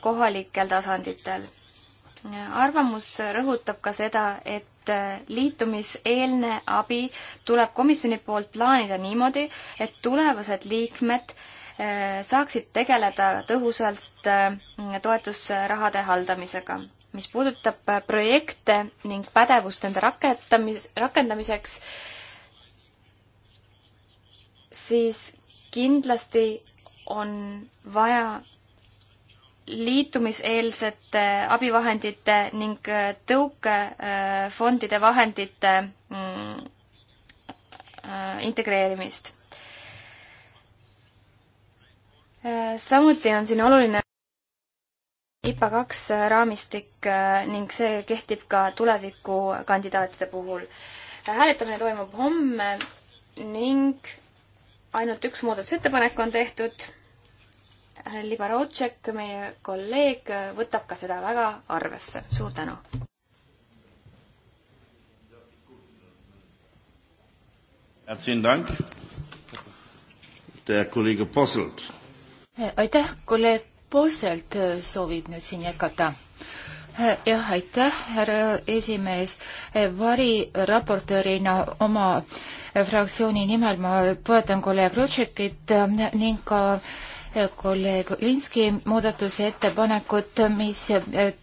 kohalikel tasanditel. arvamus rõhutab ka seda, et liitumiseelne abi tuleb komisjoni poolt plaanida niimoodi, et tulevased liikmed eh, saaksid tegeleda tõhusalt eh, toetusrahade haldamisega mis puudutab eh, projekte ning pädevust nende raketamis, rakendamiseks, siis kindlasti on vaja liitumiseelsete abivahendite ning äh, tõukefondide äh, vahendite mm, äh, integreerimist. samuti on siin oluline IPA kaks raamistik ning see kehtib ka tulevikukandidaatide puhul. hääletamine toimub homme ning ainult üks muudatusettepanek on tehtud Libarotšek, meie kolleeg, võtab ka seda väga arvesse. suur tänu! Herzlichen Dank. Der Kollege Posselt. Aitäh, kolleeg Posselt soovib nüüd siin jätkata. jah, aitäh, härra esimees. variraportöörina oma fraktsiooni nimel ma toetan kolleeg Rutšekit ning ka äh, kolleeg Linski muudatusettepanekut, mis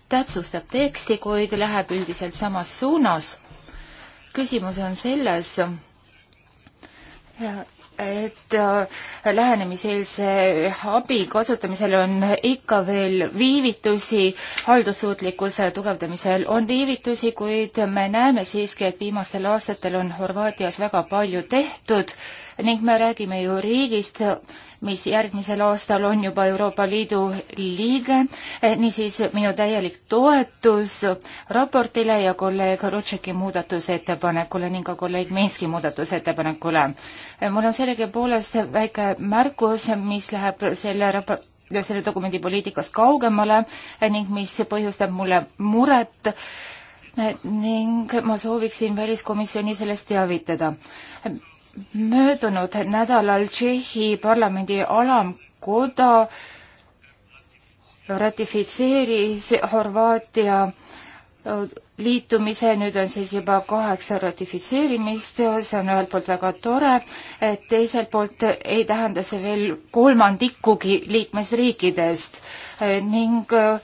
täpsustab teksti, kuid läheb üldiselt samas suunas. küsimus on selles, et lähenemiseelse abi kasutamisel on ikka veel viivitusi, haldussuutlikkuse tugevdamisel on viivitusi, kuid me näeme siiski, et viimastel aastatel on Horvaatias väga palju tehtud ning me räägime ju riigist, mis järgmisel aastal on juba Euroopa Liidu liige. Eh, niisiis minu täielik toetus raportile ja kolleeg Rutšeki muudatusettepanekule ning ka kolleeg Minski muudatusettepanekule. Eh, mul on sellegipoolest väike märkus, mis läheb selle rapor-, selle dokumendi poliitikast kaugemale eh, ning mis põhjustab mulle muret ning ma sooviksin väliskomisjoni sellest teavitada möödunud nädalal Tšehhi parlamendi alamkoda ratifitseeris Horvaatia äh, liitumise, nüüd on siis juba kaheksa ratifitseerimist, see on ühelt poolt väga tore, et teiselt poolt ei tähenda see veel kolmandikugi liikmesriikidest äh, ning äh,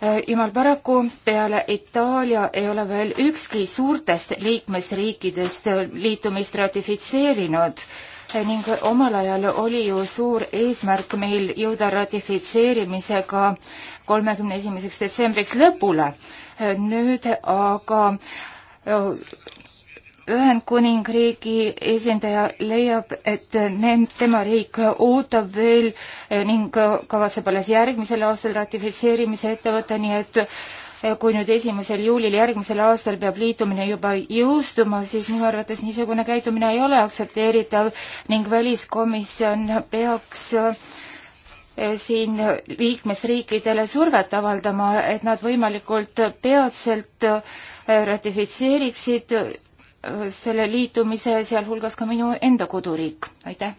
Äh, jumal paraku, peale Itaalia ei ole veel ükski suurtest liikmesriikidest äh, liitumist ratifitseerinud äh, ning omal ajal oli ju suur eesmärk meil jõuda ratifitseerimisega kolmekümne esimeseks detsembriks lõpule. nüüd aga Ühendkuningriigi esindaja leiab, et need, tema riik ootab veel eh, ning kavatseb alles järgmisel aastal ratifitseerimise ette võtta, nii et eh, kui nüüd esimesel juulil järgmisel aastal peab liitumine juba jõustuma, siis minu arvates niisugune käitumine ei ole aktsepteeritav ning väliskomisjon peaks eh, siin liikmesriikidele survet avaldama, et nad võimalikult peatselt ratifitseeriksid selle liitumise, sealhulgas ka minu enda koduriik, aitäh!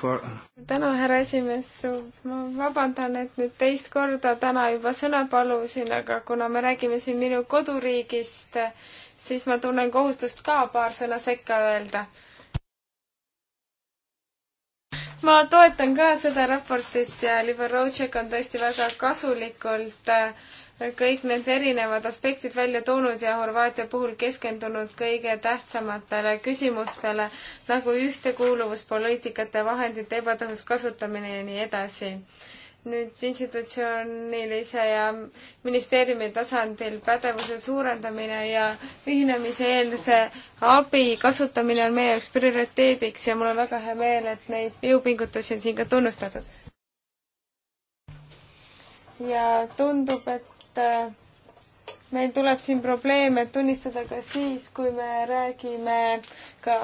For... tänu, härra esimees, ma vabandan, et nüüd teist korda täna juba sõna palusin, aga kuna me räägime siin minu koduriigist, siis ma tunnen kohustust ka paar sõna sekka öelda ma toetan ka seda raportit ja Liberocek on tõesti väga kasulikult äh, kõik need erinevad aspektid välja toonud ja Horvaatia puhul keskendunud kõige tähtsamatele küsimustele nagu ühtekuuluvuspoliitikate vahendite ebatõhus kasutamine ja nii edasi nüüd institutsioonilise ja ministeeriumi tasandil pädevuse suurendamine ja ühinemiseelse abi kasutamine on meie jaoks prioriteediks ja mul on väga hea meel, et neid jõupingutusi on siin ka tunnustatud. ja tundub, et äh, meil tuleb siin probleeme tunnistada ka siis, kui me räägime ka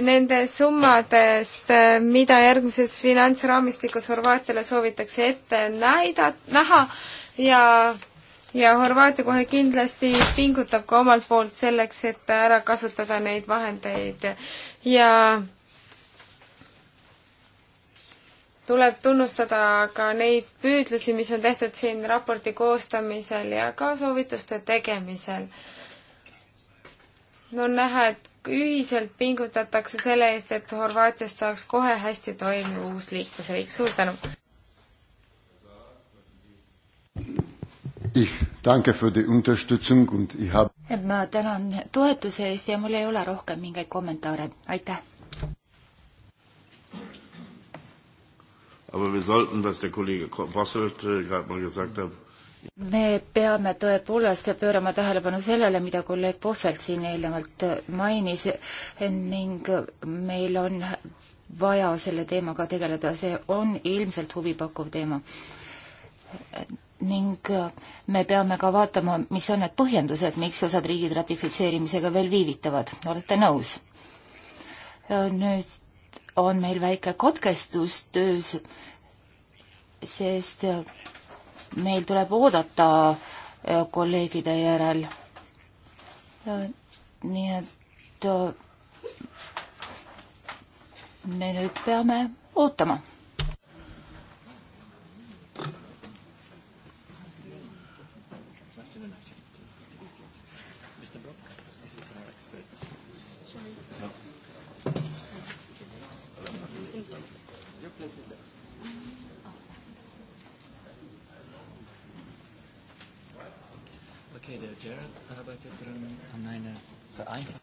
nende summadest, mida järgmises finantsraamistikus Horvaatiale soovitakse ette näida, näha ja ja Horvaatia kohe kindlasti pingutab ka omalt poolt selleks, et ära kasutada neid vahendeid ja tuleb tunnustada ka neid püüdlusi, mis on tehtud siin raporti koostamisel ja ka soovituste tegemisel on näha, et ühiselt pingutatakse selle eest, et Horvaatiast saaks kohe hästi toimiv uus liikmesriik. suur tänu! Ich danke für die Unterstützung und ich habe ma tänan toetuse eest ja mul ei ole rohkem mingeid kommentaare, aitäh! Aber wir sollten, was der Kollege Posselt äh, gerade mal gesagt hat, me peame tõepoolest pöörama tähelepanu sellele, mida kolleeg Posselt siin eelnevalt mainis ning meil on vaja selle teemaga tegeleda, see on ilmselt huvipakkuv teema. ning me peame ka vaatama, mis on need põhjendused, miks osad riigid ratifitseerimisega veel viivitavad, olete nõus? nüüd on meil väike katkestus töös, sest meil tuleb oodata äh, kolleegide järel. nii et äh, me nüüd peame ootama Jared arbeitet dran an einer Vereinfachung.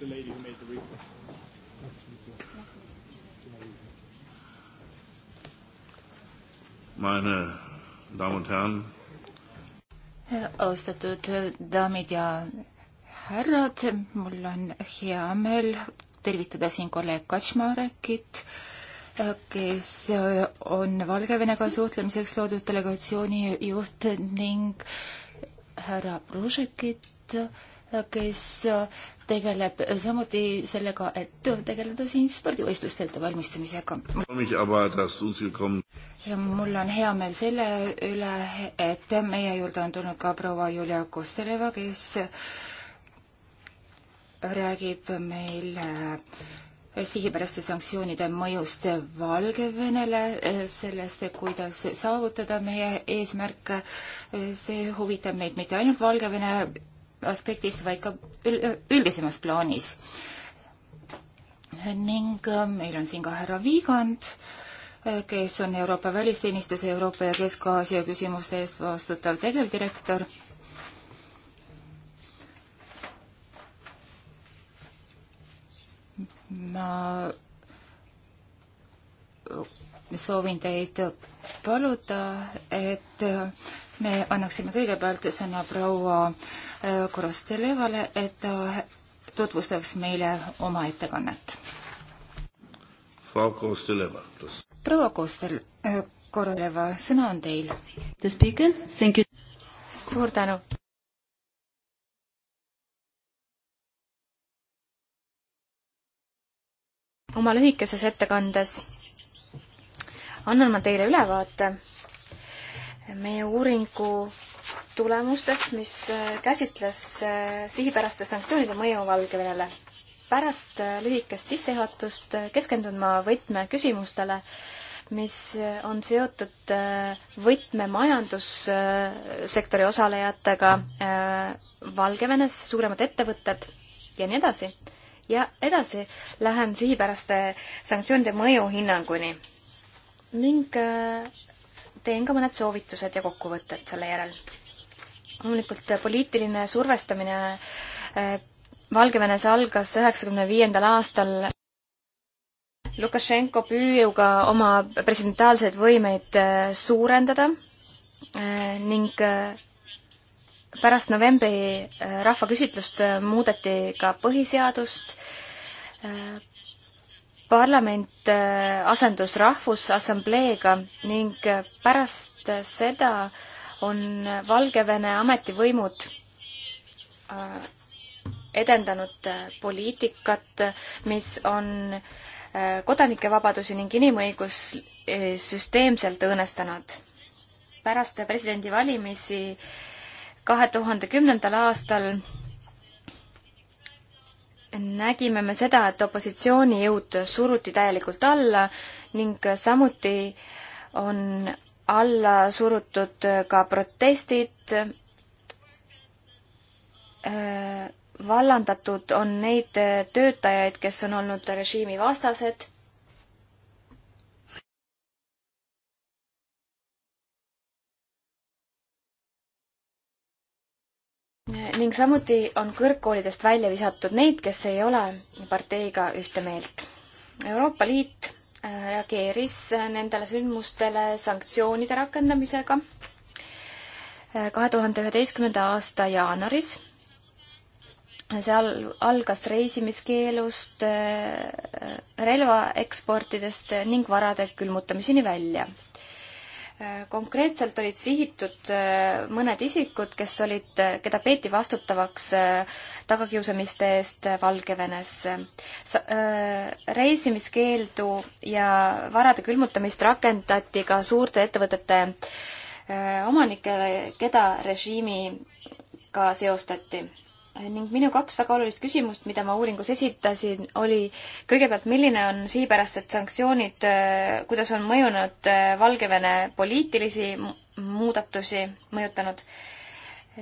the lady who made the report. Meine Damen und Herren. austatud daamid ja härrad, mul on hea meel tervitada siin kolleeg Kaczmarekit, kes on Valgevenega suhtlemiseks loodud delegatsiooni juht ning härra Pružekit, kes äh, tegeleb samuti sellega, et tegeleda siin spordivõistluste ettevalmistamisega. ja mul on hea meel selle üle, et meie juurde on tulnud ka proua Julia Kosteleva, kes räägib meil äh, sihipäraste sanktsioonide mõjust Valgevenele, äh, sellest, kuidas saavutada meie eesmärke. see huvitab meid mitte ainult Valgevene aspektist, vaid ka üldisemas plaanis. ning äh, meil on siin ka härra Viigand, äh, kes on Euroopa Välisteenistuse Euroopa ja Kesk-Aasia küsimuste eest vastutav tegevdirektor ma soovin teid paluda, et äh, me annaksime kõigepealt sõna proua äh, Korostelevale, et ta tutvustaks meile oma ettekannet. proua Kostel, äh, Koroleva, sõna on teil. suur tänu. oma lühikeses ettekandes annan ma teile ülevaate meie uuringu tulemustest, mis äh, käsitles äh, sihipäraste sanktsioonide mõju Valgevenele. pärast äh, lühikest sissejuhatust keskendun ma võtmeküsimustele, mis on seotud võtmemajandussektori osalejatega Valgevenes, suuremad ettevõtted ja nii edasi. ja edasi lähen sihipäraste sanktsioonide mõjuhinnanguni ning teen ka mõned soovitused ja kokkuvõtted selle järel. loomulikult äh, poliitiline survestamine äh, Valgevenes algas üheksakümne viiendal aastal Lukašenko püüuga oma presidentaalseid võimeid äh, suurendada ning pärast novembri rahvaküsitlust muudeti ka põhiseadust parlament äh, asendus Rahvusassambleega ning äh, pärast seda on Valgevene ametivõimud äh, edendanud poliitikat, mis on kodanike vabadusi ning inimõigus süsteemselt õõnestanud. pärast presidendivalimisi kahe tuhande kümnendal aastal nägime me seda, et opositsioonijõud suruti täielikult alla ning samuti on alla surutud ka protestid, äh, vallandatud on neid töötajaid, kes on olnud režiimi vastased ning samuti on kõrgkoolidest välja visatud neid, kes ei ole parteiga ühte meelt. Euroopa Liit äh, reageeris äh, nendele sündmustele sanktsioonide rakendamisega äh, kahe tuhande üheteistkümnenda aasta jaanuaris. seal algas reisimiskeelust, relvaeksportidest ning varade külmutamiseni välja konkreetselt olid sihitud äh, mõned isikud, kes olid, äh, keda peeti vastutavaks äh, tagakiusamiste eest Valgevenes. reisimiskeeldu ja varade külmutamist rakendati ka suurte ettevõtete omanikele, keda režiimiga seostati ning minu kaks väga olulist küsimust, mida ma uuringus esitasin, oli kõigepealt, milline on siipärased sanktsioonid, äh, kuidas on mõjunud äh, Valgevene poliitilisi muudatusi mõjutanud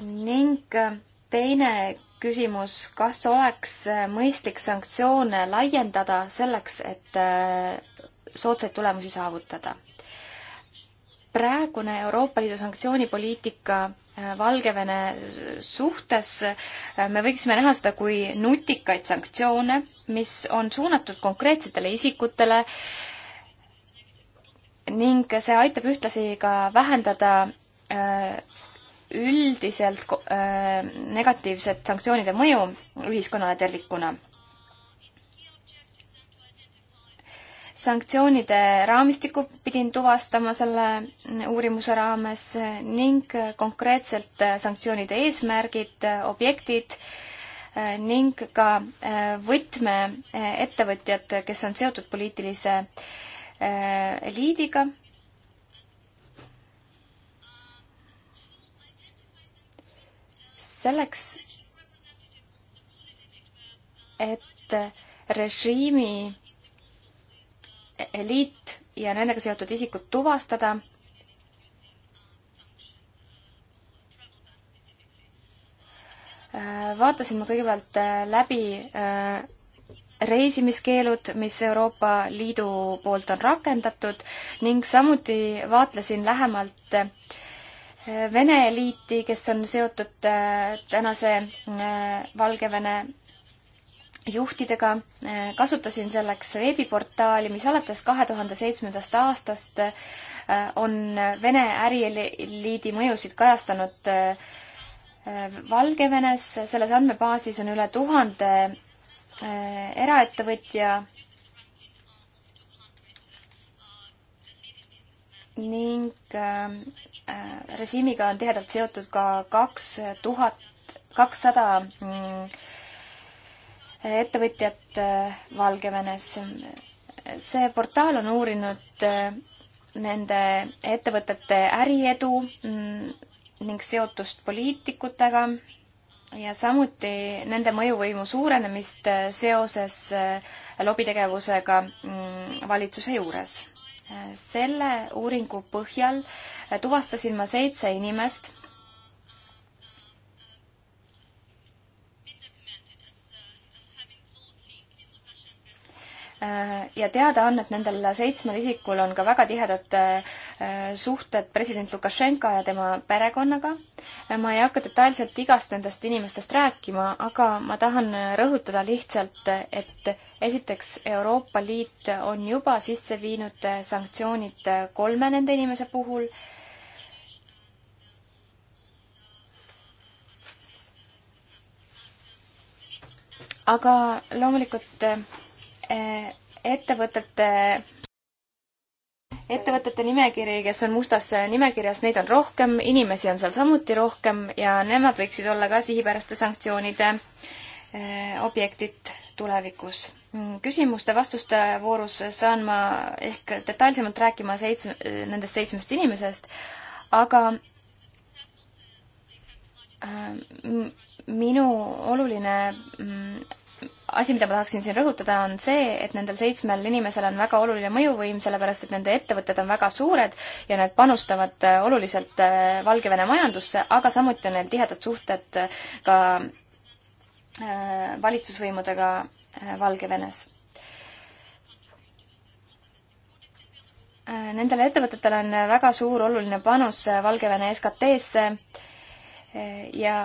ning äh, teine küsimus, kas oleks mõistlik sanktsioone laiendada selleks, et soodsaid tulemusi saavutada? praegune Euroopa Liidu sanktsioonipoliitika Äh, Valgevene suhtes, äh, me võiksime näha seda kui nutikaid sanktsioone, mis on suunatud konkreetsetele isikutele ning see aitab ühtlasi ka vähendada äh, üldiselt negatiivset sanktsioonide mõju ühiskonnale tervikuna. sanktsioonide raamistikku pidin tuvastama selle uurimuse raames ning konkreetselt sanktsioonide eesmärgid, objektid ning ka äh, võtmeettevõtjad, äh, kes on seotud poliitilise äh, eliidiga. selleks, et režiimi eliit ja nendega seotud isikud tuvastada. vaatasime kõigepealt äh, läbi äh, reisimiskeelud, mis Euroopa Liidu poolt on rakendatud ning samuti vaatlesin lähemalt äh, Vene eliiti, kes on seotud tänase Valgevene juhtidega, äh, kasutasin selleks veebiportaali, mis alates kahe tuhande seitsmendast aastast äh, on Vene ärieliidi mõjusid kajastanud äh, Valgevenes, selles andmebaasis on üle tuhande eraettevõtja ning režiimiga on tihedalt seotud ka kaks tuhat, kakssada mm, ettevõtjat äh, Valgevenes. see portaal on uurinud äh, nende ettevõtete äriedu mm, ning seotust poliitikutega ja samuti nende mõjuvõimu suurenemist äh, seoses lobitegevusega mm, valitsuse juures. selle uuringu põhjal tuvastasin ma seitse inimest Äh, ja teada on, et nendel seitsmel isikul on ka väga tihedad äh, suhted president Lukašenka ja tema perekonnaga. ma ei hakka detailselt igast nendest inimestest rääkima, aga ma tahan rõhutada lihtsalt, et esiteks Euroopa Liit on juba sisse viinud sanktsioonid kolme nende inimese puhul aga loomulikult Eh, ettevõtete ettevõtete nimekiri, kes on mustas nimekirjas, neid on rohkem, inimesi on seal samuti rohkem ja nemad võiksid olla ka sihipäraste sanktsioonide eh, objektid tulevikus. Mm, küsimuste-vastuste voorus saan ma ehk detailsemalt rääkima seitsme, nendest seitsmest inimesest, aga äh, minu oluline mm, asi, mida ma tahaksin siin rõhutada, on see, et nendel seitsmel inimesel on väga oluline mõjuvõim, sellepärast et nende ettevõtted on väga suured ja need panustavad äh, oluliselt äh, Valgevene majandusse, aga samuti on neil tihedad suhted äh, ka valitsusvõimudega Valgevenes. Nendel ettevõtetel on väga suur oluline panus Valgevene SKT-sse ja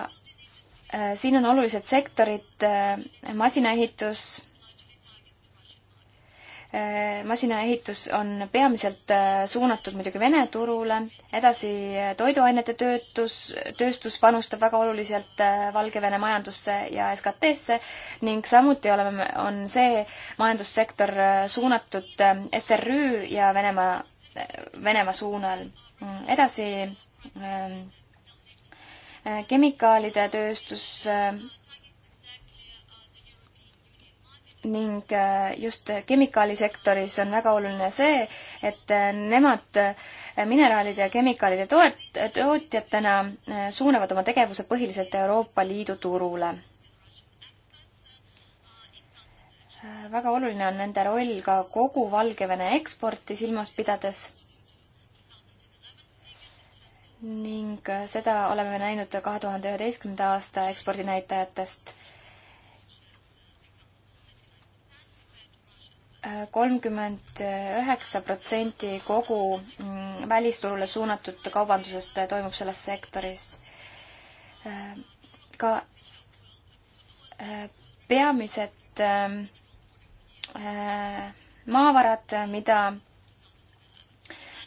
Äh, siin on olulised sektorid, äh, masinaehitus, äh, masinaehitus on peamiselt suunatud muidugi Vene turule, edasi toiduainete töötus, tööstus panustab väga oluliselt Valgevene majandusse ja SKT-sse ning samuti oleme, on see majandussektor suunatud SRÜ ja Venemaa, Venemaa suunal. Mm, edasi ähm, Äh, kemikaalide tööstus äh, ning äh, just kemikaalisektoris on väga oluline see, et nemad mineraalide ja kemikaalide toet-, tootjatena suunavad oma tegevuse põhiliselt Euroopa Liidu turule väga oluline on nende roll ka kogu Valgevene eksporti silmas pidades ning äh, seda oleme näinud kahe tuhande üheteistkümnenda aasta ekspordinäitajatest. Äh, kolmkümmend üheksa protsenti kogu mm, välisturule suunatud kaubandusest äh, toimub selles sektoris. ka peamised ähm, maavarad, mida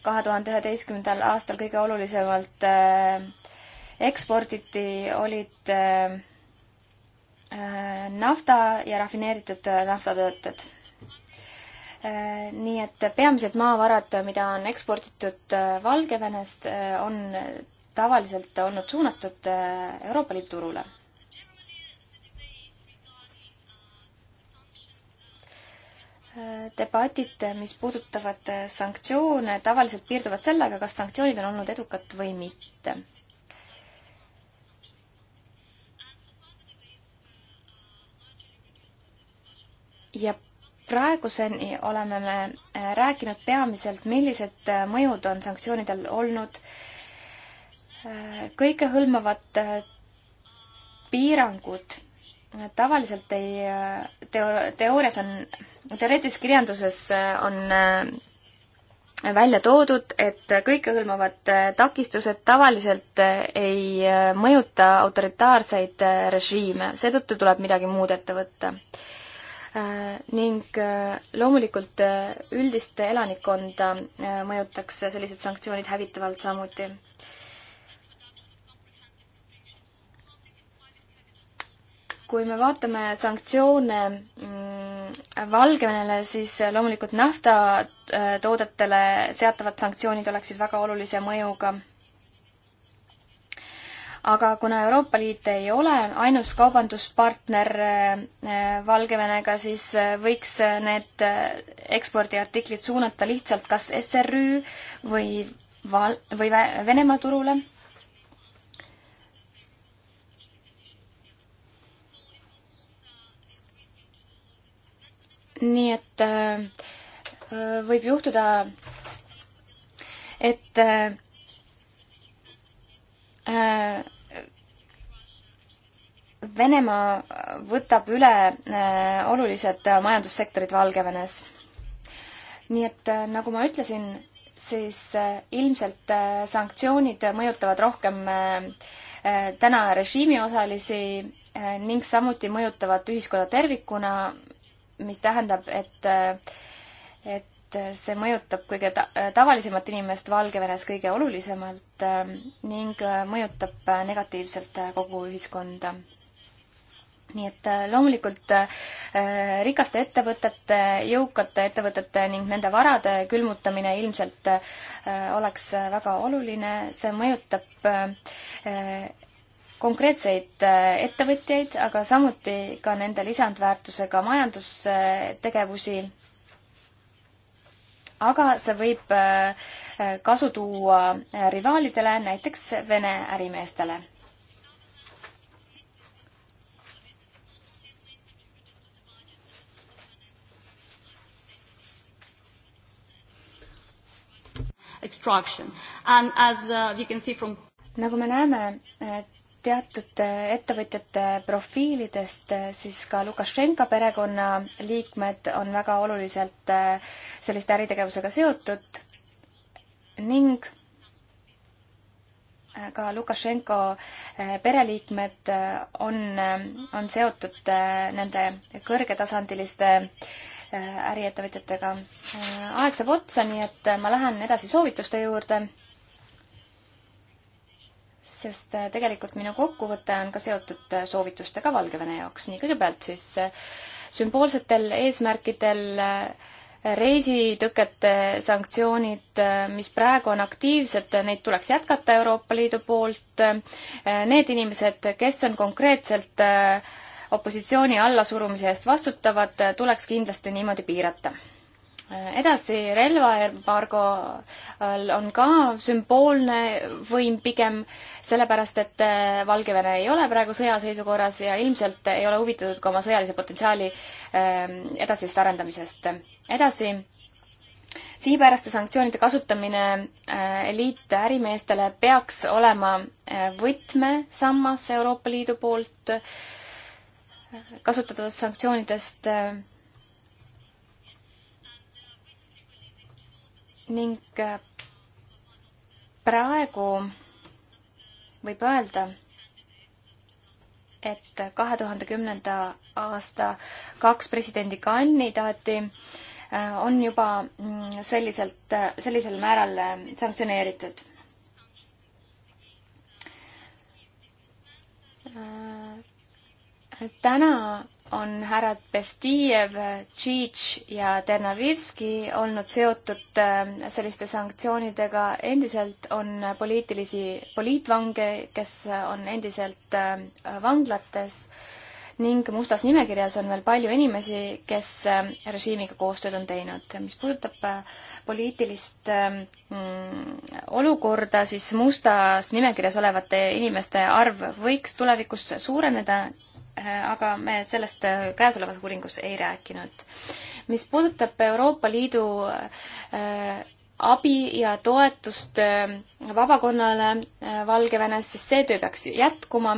kahe tuhande üheteistkümnendal aastal kõige olulisemalt äh, eksporditi, olid äh, äh, nafta ja rafineeritud naftatooted. nii et peamised maavarad, mida on eksporditud Valgevenest, on tavaliselt olnud suunatud Euroopa Liidu turule debatid, mis puudutavad äh, sanktsioone, tavaliselt piirduvad sellega, kas sanktsioonid on olnud edukad või mitte. ja praeguseni oleme me äh, rääkinud peamiselt, millised äh, mõjud on sanktsioonidel olnud. kõikehõlmavad piirangud tavaliselt ei, teo-, teoorias on, teoreetilises kirjanduses äh, on äh, välja toodud, et kõikehõlmavad äh, takistused tavaliselt ei mõjuta autoritaarseid režiime, seetõttu tuleb midagi muud ette võtta. Ning loomulikult üldist elanikkonda mõjutaks sellised sanktsioonid hävitavalt samuti kui me vaatame sanktsioone mm, Valgevenele, siis loomulikult naftatoodetele äh, seatavad sanktsioonid oleksid väga olulise mõjuga. aga kuna Euroopa Liit ei ole ainus kaubanduspartner äh, Valgevenega, siis äh, võiks need ekspordiartiklid suunata lihtsalt kas SRÜ või val-, või Venemaa turule nii et äh, võib juhtuda, et äh, Venemaa võtab üle äh, olulised majandussektorid Valgevenes. nii et nagu ma ütlesin, siis ilmselt sanktsioonid mõjutavad rohkem täna režiimi osalisi ning samuti mõjutavad ühiskonda tervikuna mis tähendab, et, et see mõjutab kõige ta-, tavalisemat inimest Valgevenes kõige olulisemalt ähm, ning äh, mõjutab äh, negatiivselt äh, kogu ühiskonda. nii et loomulikult rikaste ettevõtete, jõukate ettevõtete ning nende varade külmutamine ilmselt oleks väga oluline, see mõjutab konkreetseid äh, ettevõtjaid, aga samuti ka nende lisandväärtusega majandustegevusi. aga see võib äh, kasu tuua äh, rivaalidele, näiteks Vene ärimeestele. extraction and as uh, you can see from nagu me näeme, et teatud äh, ettevõtjate profiilidest, äh, siis ka Lukašenka perekonnaliikmed on väga oluliselt äh, selliste äritegevusega seotud ning ka Lukašenko pereliikmed on, on seotud nende kõrgetasandiliste äriettevõtjatega. aeg saab otsa, nii et ma lähen edasi soovituste juurde sest äh, tegelikult minu kokkuvõte on ka seotud äh, soovitustega Valgevene jaoks. nii, kõigepealt siis äh, sümboolsetel eesmärkidel reisitõkete sanktsioonid, mis praegu on aktiivsed, neid tuleks jätkata Euroopa Liidu poolt. Need inimesed, kes on konkreetselt opositsiooni allasurumise eest vastutavad, tuleks kindlasti niimoodi piirata edasi, relvaembargo äh, on ka sümboolne võim pigem, sellepärast et äh, Valgevene ei ole praegu sõjaseisukorras ja ilmselt ei ole huvitatud ka oma sõjalise potentsiaali ähm, edasisest arendamisest. edasi, sihipäraste sanktsioonide kasutamine äh, eliitärimeestele peaks olema võtmesammas Euroopa Liidu poolt kasutatavatest sanktsioonidest ning äh, praegu võib öelda, et kahe tuhande kümnenda aasta kaks presidendikandidaati äh, on juba mm, selliselt, äh, sellisel määral sanktsioneeritud. täna on härrad Bevtiev, Tšiitš ja Ternavivski olnud seotud ähm, selliste sanktsioonidega. endiselt on poliitilisi poliitvange, kes on endiselt ähm, vanglates ning mustas nimekirjas on veel palju inimesi, kes ähm, režiimiga koostööd on teinud. mis puudutab äh, poliitilist mm, olukorda, siis mustas nimekirjas olevate inimeste arv võiks tulevikus suureneda Äh, aga me sellest äh, käesolevas uuringus ei rääkinud. mis puudutab Euroopa Liidu äh, abi ja toetust vabakonnale Valgevenes, siis see töö peaks jätkuma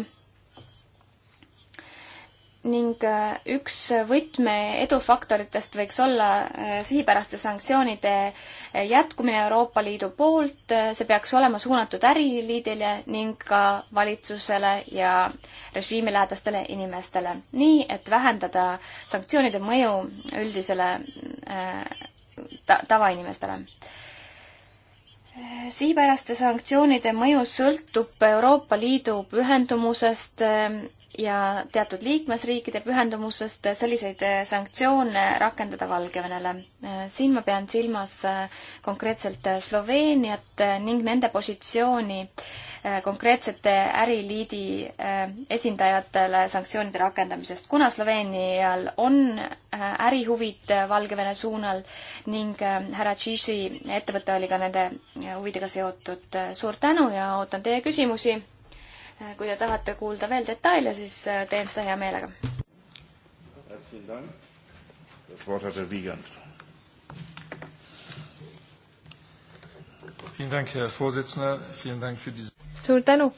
ning äh, üks võtme edufaktoritest võiks olla äh, sihipäraste sanktsioonide äh, jätkumine Euroopa Liidu poolt, see peaks olema suunatud äriliidile ning ka valitsusele ja režiimilähedastele inimestele, nii et vähendada sanktsioonide mõju üldisele ta-, tavainimestele sihipäraste sanktsioonide mõju sõltub Euroopa Liidu pühendumusest ja teatud liikmesriikide pühendumusest selliseid eh, sanktsioone rakendada Valgevenele. Eh, siin ma pean silmas eh, konkreetselt Sloveeniat ning nende positsiooni konkreetsete äriliidi esindajatele sanktsioonide rakendamisest, kuna Sloveenial on ärihuvid Valgevene suunal ning härra Tšiši ettevõte oli ka nende huvidega seotud. suur tänu ja ootan teie küsimusi kui te tahate kuulda veel detaile, siis äh, teen seda hea meelega. suur tänu.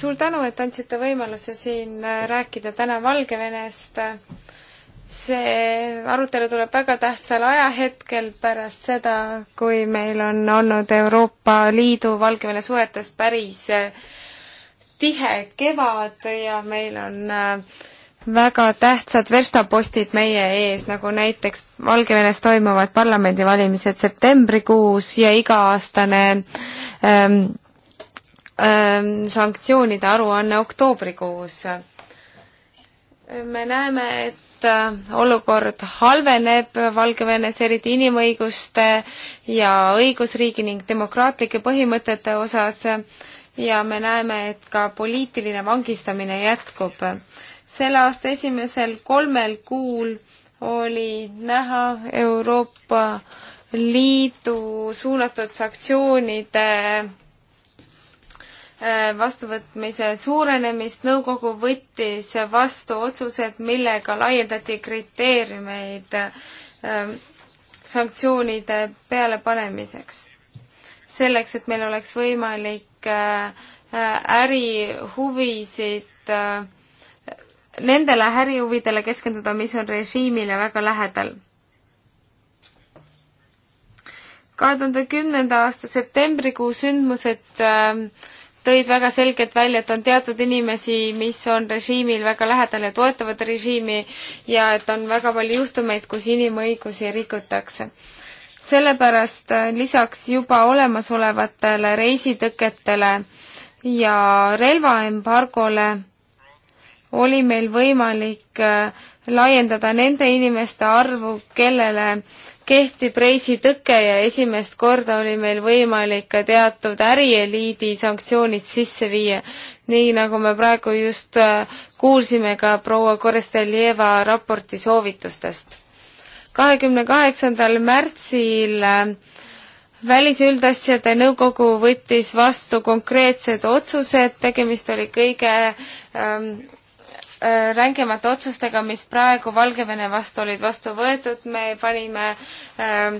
suur tänu, et andsite võimaluse siin äh, rääkida täna Valgevenest see arutelu tuleb väga tähtsal ajahetkel pärast seda, kui meil on olnud Euroopa Liidu Valgevene suhetes päris äh, tihe kevad ja meil on äh, väga tähtsad verstapostid meie ees, nagu näiteks Valgevenes toimuvad parlamendivalimised septembrikuus ja iga-aastane ähm, ähm, sanktsioonide aruanne oktoobrikuus me näeme, et äh, olukord halveneb Valgevenes, eriti inimõiguste ja õigusriigi ning demokraatlike põhimõtete osas ja me näeme, et ka poliitiline vangistamine jätkub. selle aasta esimesel kolmel kuul oli näha Euroopa Liidu suunatud sanktsioonide Äh, vastuvõtmise suurenemist, nõukogu võttis vastu otsused, millega laiendati kriteeriumeid äh, sanktsioonide pealepanemiseks. selleks, et meil oleks võimalik äh, ärihuvisid, nendele ärihuvidele keskenduda, mis on režiimile väga lähedal kahe tuhande kümnenda aasta septembrikuu sündmused äh, tõid väga selgelt välja, et on teatud inimesi, mis on režiimil väga lähedal ja toetavad režiimi ja et on väga palju juhtumeid, kus inimõigusi rikutakse. sellepärast äh, lisaks juba olemasolevatele reisitõketele ja relvaembargole oli meil võimalik äh, laiendada nende inimeste arvu, kellele äh, kehtib reisitõke ja esimest korda oli meil võimalik ka teatud ärieliidi sanktsioonid sisse viia. nii nagu me praegu just äh, kuulsime ka proua Korsteljeva raporti soovitustest. kahekümne kaheksandal märtsil äh, välisüldasjade nõukogu võttis vastu konkreetsed otsused, tegemist oli kõige ähm, Äh, rängemate otsustega, mis praegu Valgevene vastu olid vastu võetud, me panime ähm,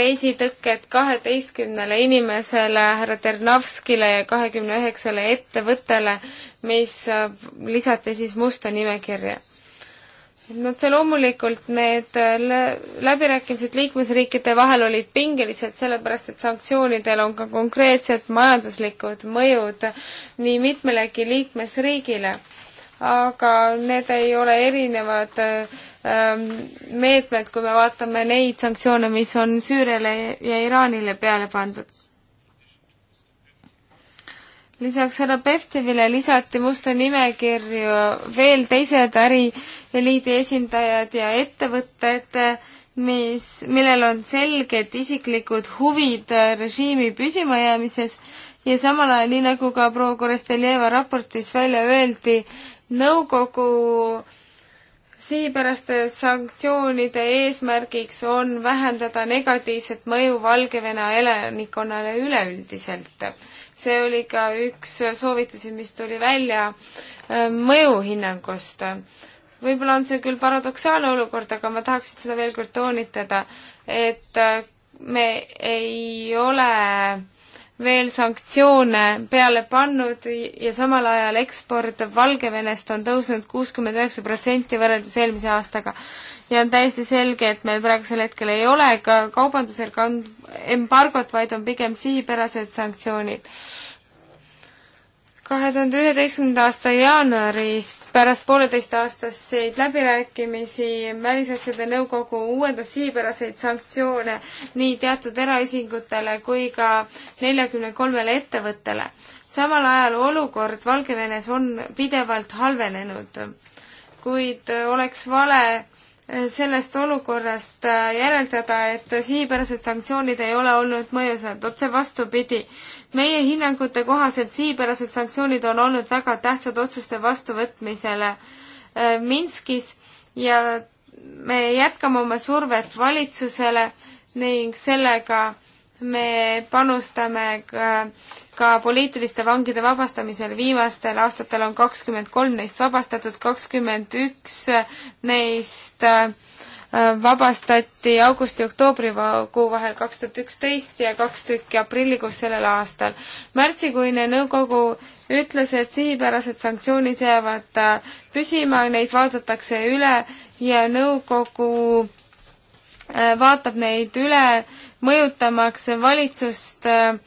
reisitõkked kaheteistkümnele inimesele, härra Ternovskile ja kahekümne üheksale ettevõttele, mis äh, lisati siis musta nimekirja no see loomulikult, need äh, läbirääkimised liikmesriikide vahel olid pingelised, sellepärast et sanktsioonidel on ka konkreetsed majanduslikud mõjud nii mitmelegi liikmesriigile aga need ei ole erinevad ähm, meetmed, kui me vaatame neid sanktsioone, mis on Süüriale ja Iraanile peale pandud. lisaks härra Pevtsevile lisati musta nimekirju veel teised ärieliidi esindajad ja ettevõtted, mis, millel on selged isiklikud huvid režiimi püsimajäämises ja samal ajal, nii nagu ka proua Korestelljeva raportis välja öeldi, nõukogu sihipäraste sanktsioonide eesmärgiks on vähendada negatiivset mõju Valgevene elanikkonnale üleüldiselt. see oli ka üks soovitusi, mis tuli välja äh, mõjuhinnangust. võib-olla on see küll paradoksaalne olukord, aga ma tahaksin seda veel kord toonitada, et äh, me ei ole veel sanktsioone peale pannud ja samal ajal eksport Valgevenest on tõusnud kuuskümmend üheksa protsenti võrreldes eelmise aastaga. ja on täiesti selge, et meil praegusel hetkel ei ole ka kaubandusega embargot, vaid on pigem sihipärased sanktsioonid kahe tuhande üheteistkümnenda aasta jaanuaris pärast pooleteistaastast läbirääkimisi Välisasjade Nõukogu uuendas sihipäraseid sanktsioone nii teatud eraisingutele kui ka neljakümne kolmele ettevõttele. samal ajal olukord Valgevenes on pidevalt halvenenud, kuid oleks vale sellest olukorrast äh, järeldada, et sihipärased sanktsioonid ei ole olnud mõjusad, otse vastupidi. meie hinnangute kohaselt sihipärased sanktsioonid on olnud väga tähtsad otsuste vastuvõtmisele äh, Minskis ja me jätkame oma survet valitsusele ning sellega me panustame ka ka poliitiliste vangide vabastamisel viimastel aastatel on kakskümmend kolm neist vabastatud, kakskümmend üks neist äh, vabastati augusti-oktoobrikuu vahel kaks tuhat üksteist ja kaks tükki aprillikuus sellel aastal. märtsikuine nõukogu ütles, et sihipärased sanktsioonid jäävad äh, püsima, neid vaadatakse üle ja nõukogu äh, vaatab neid üle, mõjutamaks valitsust äh,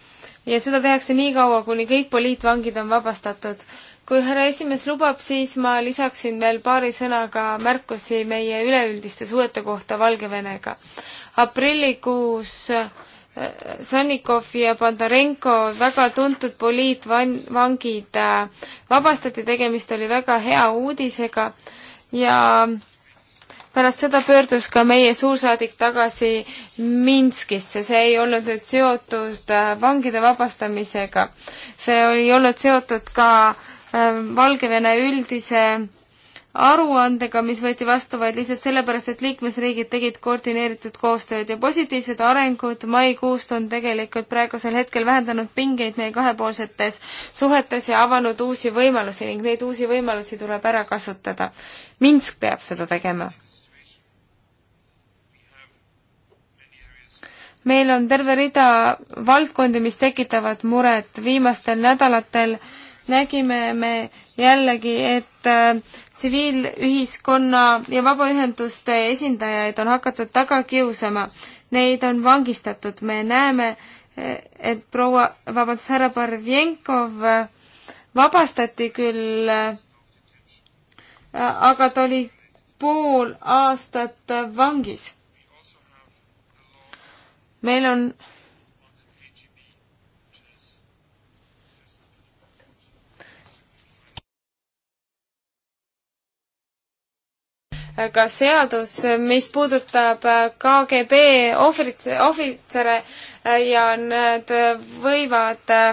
ja seda tehakse nii kaua, kuni kõik poliitvangid on vabastatud. kui härra esimees lubab, siis ma lisaksin veel paari sõnaga märkusi meie üleüldiste suhete kohta Valgevenega. aprillikuus äh, Sannikov ja Bondarenko, väga tuntud poliitvangid, äh, vabastati, tegemist oli väga hea uudisega ja pärast seda pöördus ka meie suursaadik tagasi Minskisse, see ei olnud nüüd seotud äh, vangide vabastamisega. see ei olnud seotud ka äh, Valgevene üldise aruandega, mis võeti vastu vaid lihtsalt sellepärast, et liikmesriigid tegid koordineeritud koostööd ja positiivsed arengud maikuust on tegelikult praegusel hetkel vähendanud pingeid meie kahepoolsetes suhetes ja avanud uusi võimalusi ning neid uusi võimalusi tuleb ära kasutada. Minsk peab seda tegema. meil on terve rida valdkondi, mis tekitavad muret. viimastel nädalatel nägime me jällegi, et äh, tsiviilühiskonna ja vabaühenduste esindajaid on hakatud taga kiusama. Neid on vangistatud, me näeme, äh, et proua, vabandust, härra Barvjenkov äh, vabastati küll, aga ta oli pool aastat vangis meil on ka seadus, mis puudutab KGB ohvrit, ohvitsere äh, ja nad võivad äh,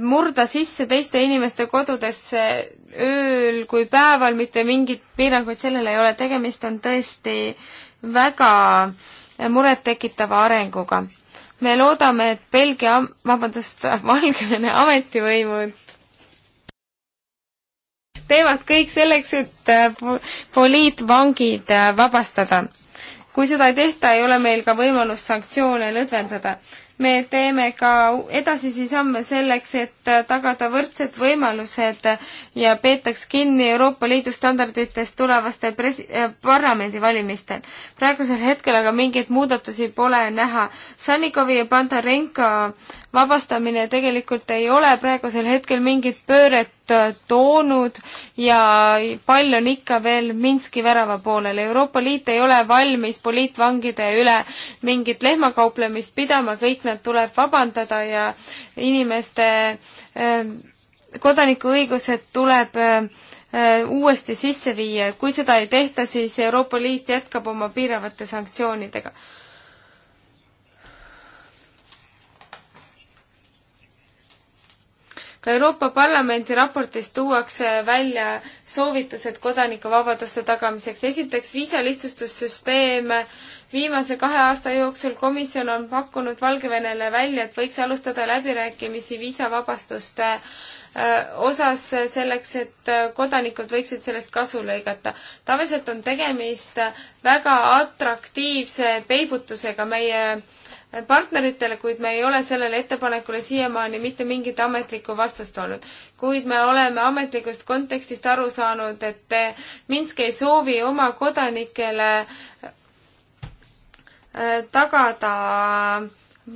murda sisse teiste inimeste kodudesse ööl kui päeval, mitte mingit piiranguid sellele ei ole, tegemist on tõesti väga murettekitava arenguga. me loodame, et Belgia, vabandust, Valgevene ametivõimud teevad kõik selleks, et äh, poliitvangid äh, vabastada. kui seda ei tehta, ei ole meil ka võimalust sanktsioone lõdvendada me teeme ka edasisi samme selleks, et tagada võrdsed võimalused ja peetaks kinni Euroopa Liidu standarditest tulevastel pres-, äh, parlamendivalimistel. praegusel hetkel aga mingeid muudatusi pole näha. Sannikovi ja Pantarenko vabastamine tegelikult ei ole praegusel hetkel mingit pööret Äh, toonud ja palju on ikka veel Minski värava poolel. Euroopa Liit ei ole valmis poliitvangide üle mingit lehmakauplemist pidama, kõik nad tuleb vabandada ja inimeste ähm, kodanikuõigused tuleb äh, uuesti sisse viia. kui seda ei tehta, siis Euroopa Liit jätkab oma piiravate sanktsioonidega ka Euroopa Parlamendi raportis tuuakse välja soovitused kodanikuvabaduste tagamiseks. esiteks viisalihtsustussüsteem. viimase kahe aasta jooksul komisjon on pakkunud Valgevenele välja, et võiks alustada läbirääkimisi viisavabastuste äh, osas selleks, et äh, kodanikud võiksid sellest kasu lõigata. tavaliselt on tegemist väga atraktiivse peibutusega meie partneritele, kuid me ei ole sellele ettepanekule siiamaani mitte mingit ametlikku vastust olnud. kuid me oleme ametlikust kontekstist aru saanud, et Minsk ei soovi oma kodanikele äh, tagada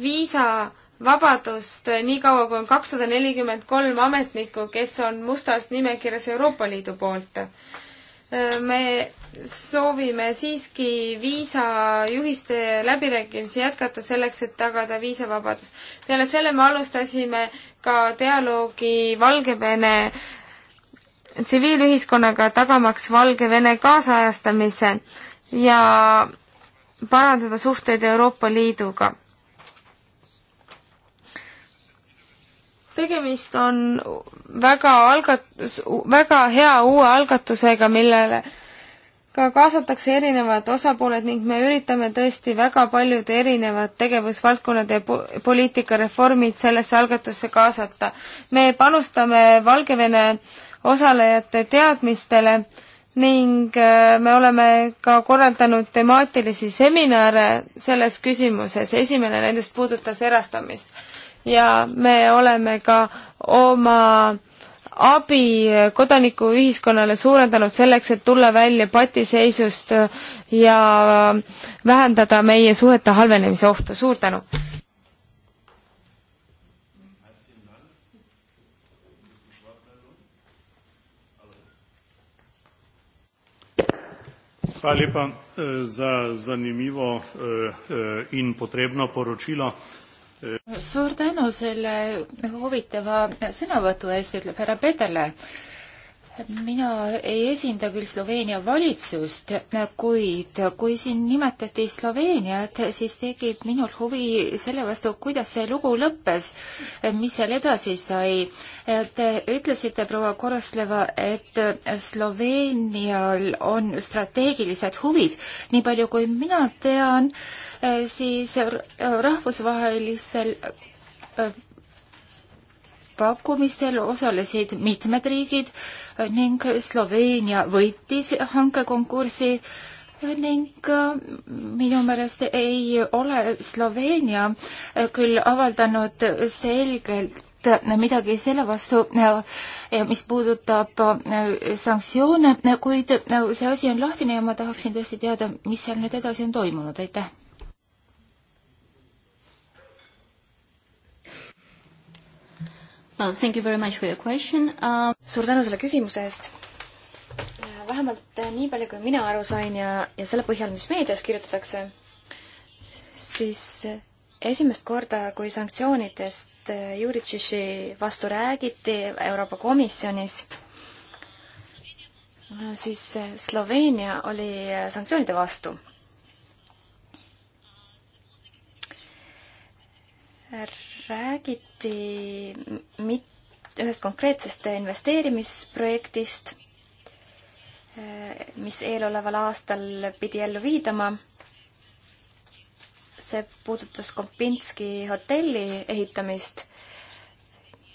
viisavabadust niikaua, kui on kakssada nelikümmend kolm ametnikku, kes on mustas nimekirjas Euroopa Liidu poolt me soovime siiski viisajuhiste läbirääkimisi jätkata selleks, et tagada viisavabadus. peale selle me alustasime ka dialoogi Valgevene tsiviilühiskonnaga, tagamaks Valgevene kaasajastamise ja parandada suhteid Euroopa Liiduga. tegemist on väga algatus, väga hea uue algatusega, millele ka kaasatakse erinevad osapooled ning me üritame tõesti väga paljud erinevad tegevusvaldkonnad ja po poliitikareformid sellesse algatusse kaasata. me panustame Valgevene osalejate teadmistele ning äh, me oleme ka korraldanud temaatilisi seminare selles küsimuses, esimene nendest puudutas erastamist ja me oleme ka oma abi kodanikuühiskonnale suurendanud selleks, et tulla välja patiseisust ja vähendada meie suhete halvenemise ohtu. suur tänu! Hvala lepa eh, za zanimivo eh, eh, in potrebno poročilo suur tänu selle huvitava sõnavõtu eest, ütleb härra Pedele mina ei esinda küll Sloveenia valitsust, kuid kui siin nimetati Sloveeniat, siis tekib minul huvi selle vastu, kuidas see lugu lõppes, mis seal edasi sai. Te ütlesite, proua Korosleva, et Sloveenial on strateegilised huvid. nii palju, kui mina tean, siis rahvusvahelistel pakkumistel osalesid mitmed riigid ning Sloveenia võitis hankekonkursi ning äh, minu meelest ei ole Sloveenia äh, küll avaldanud selgelt äh, midagi selle vastu, mis puudutab sanktsioone, kuid see asi on lahtine ja ma tahaksin tõesti teada, mis seal nüüd edasi on toimunud, aitäh Well, thank you very much for your question uh.... suur tänu selle küsimuse eest. vähemalt eh, nii palju, kui mina aru sain ja, ja selle põhjal, mis meedias kirjutatakse, siis eh, esimest korda, kui sanktsioonidest eh, Juritšiši vastu räägiti Euroopa Komisjonis, siis Sloveenia oli sanktsioonide vastu räägiti mit-, ühest konkreetsest investeerimisprojektist, mis eeloleval aastal pidi ellu viidama. see puudutas Kompinski hotelli ehitamist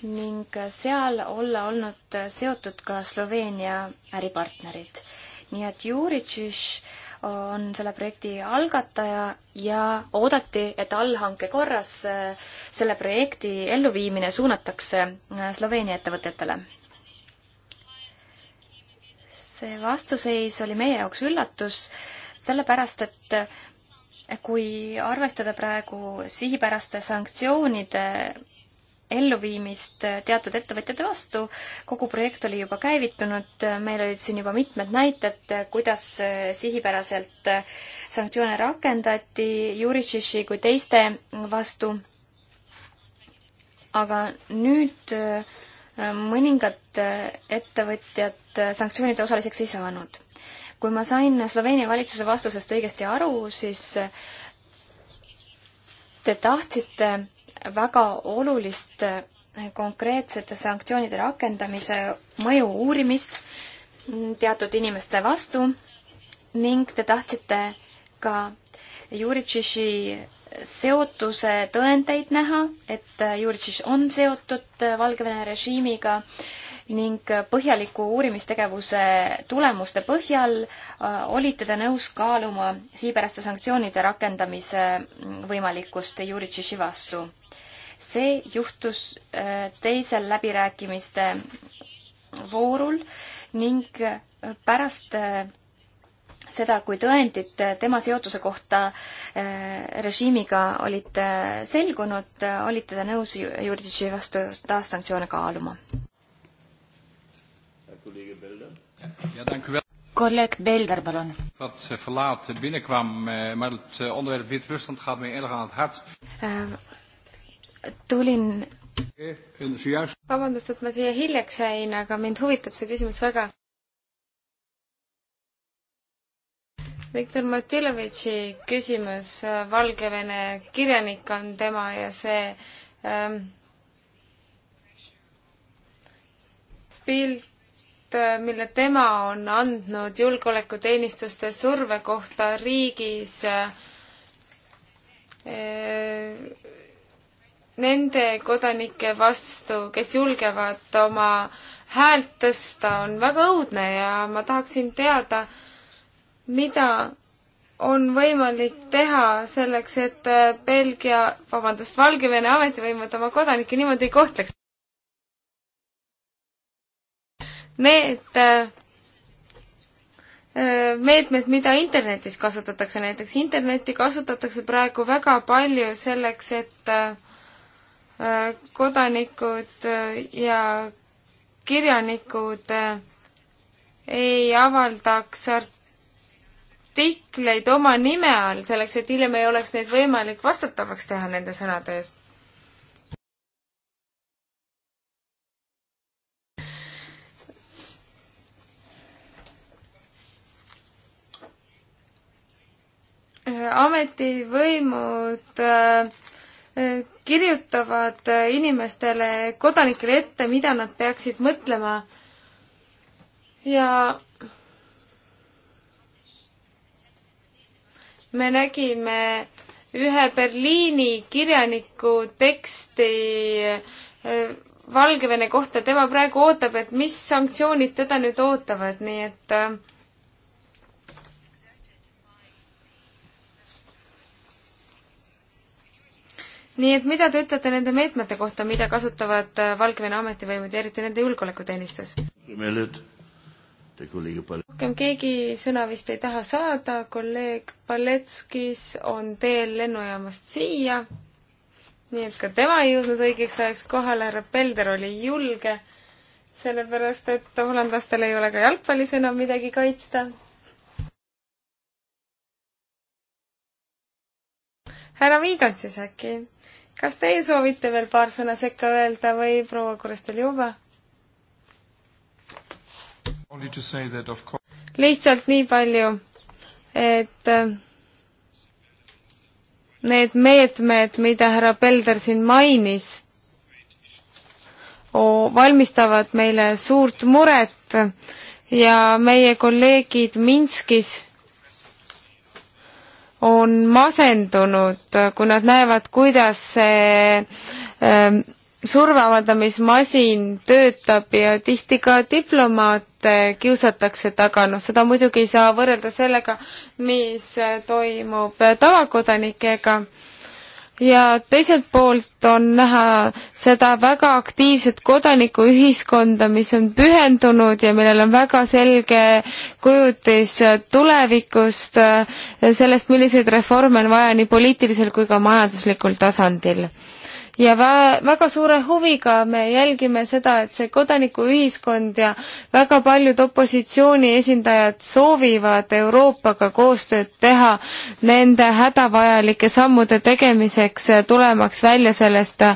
ning seal olla olnud seotud ka Sloveenia äripartnerid. nii et Juritšiš on selle projekti algataja ja oodati, et allhanke korras äh, selle projekti elluviimine suunatakse äh, Sloveenia ettevõtetele. see vastuseis oli meie jaoks üllatus, sellepärast et äh, kui arvestada praegu sihipäraste sanktsioonide elluviimist teatud ettevõtjate vastu. kogu projekt oli juba käivitunud, meil olid siin juba mitmed näited, kuidas sihipäraselt sanktsioone rakendati Jurishishi kui teiste vastu. aga nüüd äh, mõningad äh, ettevõtjad äh, sanktsioonide osaliseks ei saanud. kui ma sain Sloveenia valitsuse vastusest õigesti aru, siis te tahtsite väga olulist eh, konkreetsete sanktsioonide rakendamise mõju uurimist teatud inimeste vastu ning te tahtsite ka Juritšiši seotuse tõendeid näha, et Juritšiš on seotud Valgevene režiimiga äh, ning põhjaliku uurimistegevuse tulemuste põhjal äh, olite te nõus kaaluma siipäraste sanktsioonide rakendamise mm, võimalikkust Juri Tšiši vastu. see juhtus äh, teisel läbirääkimiste voorul ning äh, pärast seda, kui tõendid tema seotuse kohta režiimiga olid selgunud, olite te nõus Juri Tšiši vastu taassanktsioone kaaluma? ja tänk veel. kolleeg Belder, palun. Wat eh, verlaat binnenkwam, eh, maar het eh, onderwerp Wit-Rusland gaat me erg aan het hart. tulin. vabandust, et ma siia hiljaks jäin, aga mind huvitab see küsimus väga. Viktor Matilovitši küsimus, Valgevene kirjanik on tema ja see ähm, pilt Äh, mille tema on andnud julgeolekuteenistuste surve kohta riigis äh, äh, nende kodanike vastu, kes julgevad oma häält tõsta, on väga õudne ja ma tahaksin teada, mida on võimalik teha selleks, et Belgia, vabandust, Valgevene ametivõimud oma kodanikke niimoodi ei kohtleks. need äh, äh, meetmed, mida internetis kasutatakse, näiteks internetti kasutatakse praegu väga palju selleks, et äh, kodanikud ja kirjanikud ei avaldaks artikleid oma nime all, selleks et hiljem ei oleks neid võimalik vastutavaks teha nende sõnade eest. ametivõimud äh, äh, kirjutavad äh, inimestele, kodanikele ette, mida nad peaksid mõtlema. ja me nägime ühe Berliini kirjaniku teksti Valgevene kohta, tema praegu ootab, et mis sanktsioonid teda nüüd ootavad, nii et äh, nii et mida te ütlete nende meetmete kohta, mida kasutavad äh, Valgevene ametivõimud ja eriti nende julgeolekuteenistus? rohkem keegi sõna vist ei taha saada, kolleeg Paletskis on teel lennujaamast siia, nii et ka tema ei jõudnud õigeks ajaks kohale, härra Pelder oli julge, sellepärast et hollandlastel ei ole ka jalgpallis enam midagi kaitsta härra Viigand siis äkki? kas teie soovite veel paar sõna sekka öelda või proua Koresteljuva? lihtsalt nii palju, et äh, need meetmed, mida härra Pelder siin mainis, valmistavad meile suurt muret ja meie kolleegid Minskis on masendunud, kui nad näevad, kuidas see ähm, surveavaldamismasin töötab ja tihti ka diplomaate kiusatakse taga, noh seda muidugi ei saa võrrelda sellega, mis toimub tavakodanikega äh,, ja teiselt poolt on näha seda väga aktiivset kodanikuühiskonda, mis on pühendunud ja millel on väga selge kujutis tulevikust, sellest, milliseid reforme on vaja nii poliitilisel kui ka majanduslikul tasandil ja väga suure huviga me jälgime seda, et see kodanikuühiskond ja väga paljud opositsiooni esindajad soovivad Euroopaga koostööd teha nende hädavajalike sammude tegemiseks, tulemaks välja sellest äh,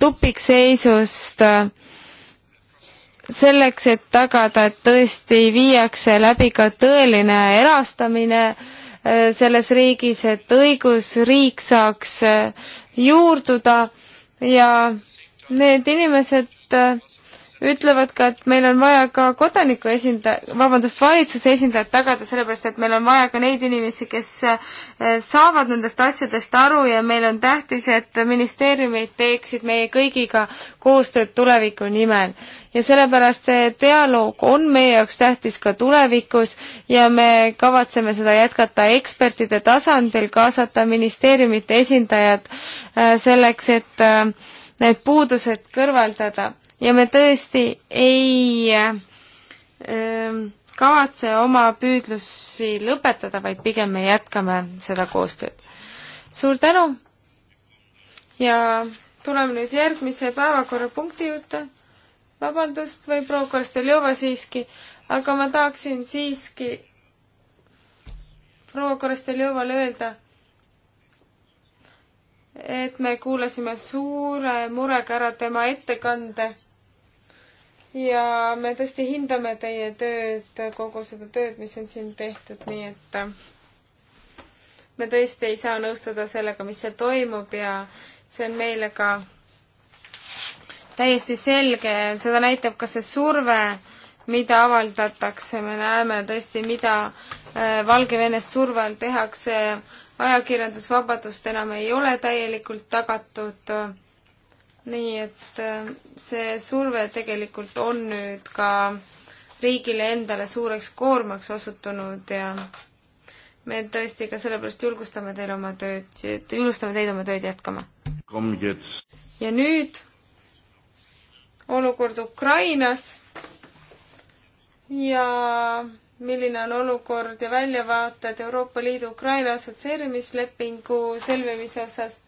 tupikseisust äh, selleks, et tagada, et tõesti viiakse läbi ka tõeline erastamine äh, selles riigis, et õigusriik saaks juurduda ja need inimesed äh, ütlevad ka, et meil on vaja ka kodaniku esindaja, vabandust, valitsuse esindajat tagada, sellepärast et meil on vaja ka neid inimesi, kes eh, saavad nendest asjadest aru ja meil on tähtis, et ministeeriumid teeksid meie kõigiga koostööd tuleviku nimel. ja sellepärast see dialoog on meie jaoks tähtis ka tulevikus ja me kavatseme seda jätkata ekspertide tasandil, kaasata ministeeriumite esindajad eh, selleks, et eh, need puudused kõrvaldada ja me tõesti ei ähm, kavatse oma püüdlusi lõpetada, vaid pigem me jätkame seda koostööd. suur tänu ja tuleme nüüd järgmise päevakorrapunkti juurde. vabandust, või proua Kosteljova siiski, aga ma tahaksin siiski proua Kosteljovale öelda, et me kuulasime suure murega ära tema ettekande ja me tõesti hindame teie tööd, kogu seda tööd, mis on siin tehtud, nii et äh, me tõesti ei saa nõustuda sellega, mis seal toimub ja see on meile ka täiesti selge, seda näitab ka see surve, mida avaldatakse, me näeme tõesti, mida äh, Valgevenes surve all tehakse, ajakirjandusvabadust enam ei ole täielikult tagatud nii et äh, see surve tegelikult on nüüd ka riigile endale suureks koormaks osutunud ja me tõesti ka sellepärast julgustame teil oma tööd, julgustame teid oma tööd jätkama. ja nüüd olukord Ukrainas ja milline on olukord ja väljavaated Euroopa Liidu Ukraina assotsieerimislepingu sõlmimise osas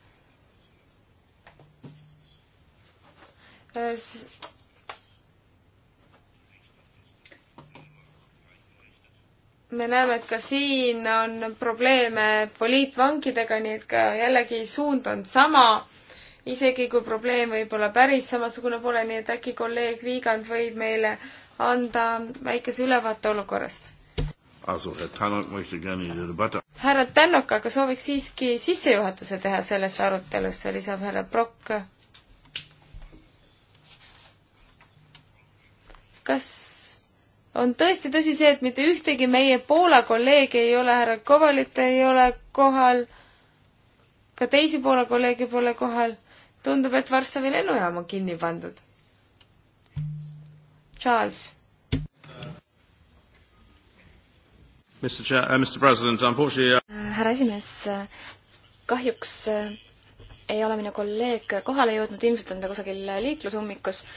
Äh, me näeme, et ka siin on probleeme poliitvangidega, nii et ka jällegi suund on sama, isegi kui probleem võib-olla päris samasugune pole, nii et äkki kolleeg Viigand võib meile anda väikese ülevaate olukorrast. härra Tännok aga sooviks siiski sissejuhatuse teha sellesse arutelusse, lisab härra Prokk kas on tõesti tõsi see, et mitte ühtegi meie Poola kolleegi ei ole, härra Kovalit ei ole kohal, ka teisi Poola kolleege pole kohal. tundub, et Varssavi lennujaam on kinni pandud. Charles. Uh, uh, äh, härra esimees, äh, kahjuks äh, ei ole minu kolleeg kohale jõudnud, ilmselt on ta kusagil liiklusummikus äh,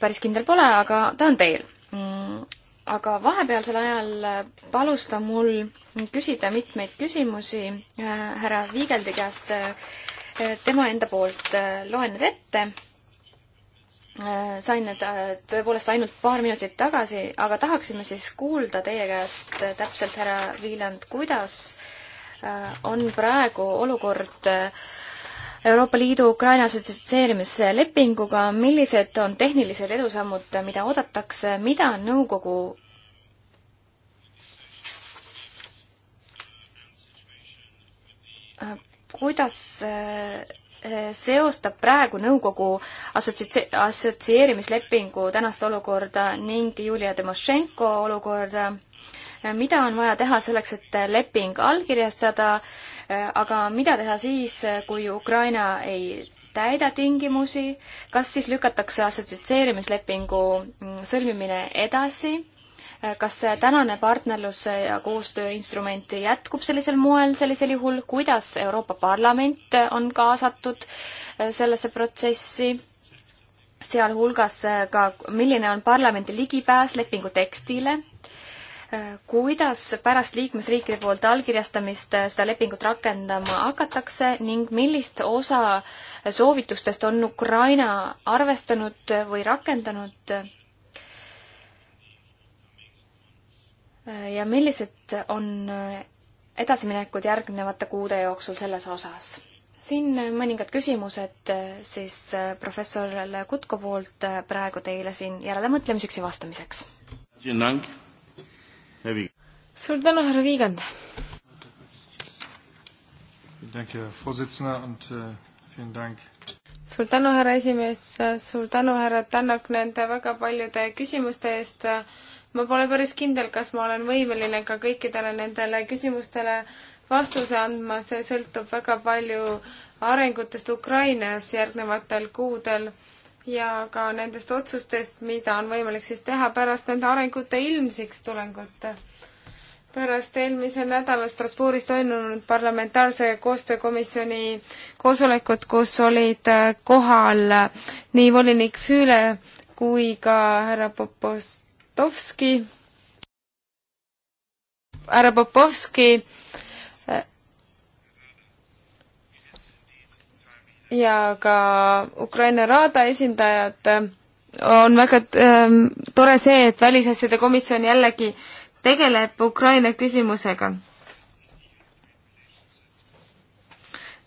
päris kindel pole, aga ta on teil. Mm, aga vahepealsel ajal palus ta mul küsida mitmeid küsimusi äh, härra Viigeldi käest äh, tema enda poolt. Äh, loen need ette. sain need tõepoolest ainult paar minutit tagasi, aga tahaksime siis kuulda teie käest täpselt, härra Viiland, kuidas on praegu olukord äh, Euroopa Liidu Ukraina assotsieerimislepinguga, millised on tehnilised edusammud, mida oodatakse, mida nõukogu äh, kuidas äh, seostab praegu nõukogu assotsi-, assotsieerimislepingu tänast olukorda ning Julia Timošenko olukorda, äh, mida on vaja teha selleks, et leping allkirjastada Äh, aga mida teha siis, äh, kui Ukraina ei täida tingimusi, kas siis lükatakse assotsieerimislepingu mm, sõlmimine edasi, äh, kas tänane partnerlus ja koostööinstrument jätkub sellisel moel, sellisel juhul, kuidas Euroopa Parlament on kaasatud sellesse protsessi, sealhulgas ka milline on parlamendi ligipääs lepingu tekstile kuidas pärast liikmesriikide poolt allkirjastamist seda lepingut rakendama hakatakse ning millist osa soovitustest on Ukraina arvestanud või rakendanud? ja millised on edasiminekud järgnevate kuude jooksul selles osas? siin mõningad küsimused siis professor Kutko poolt praegu teile siin järelemõtlemiseks ja vastamiseks suur tänu, härra Viigand! Eh, suur tänu, härra esimees, suur tänu, härra Tannak, nende väga paljude küsimuste eest. ma pole päris kindel, kas ma olen võimeline ka kõikidele nendele küsimustele vastuse andma, see sõltub väga palju arengutest Ukrainas järgnevatel kuudel ja ka nendest otsustest, mida on võimalik siis teha pärast nende arengute ilmsiks tulengut. pärast eelmisel nädalal Strasbourgis toimunud parlamentaarse koostöökomisjoni koosolekut, kus olid äh, kohal äh, nii volinik Füüle kui ka härra Popovstovski, härra Popovski ja ka Ukraina Raada esindajad. on väga ähm, tore see, et Välisasjade Komisjon jällegi tegeleb Ukraina küsimusega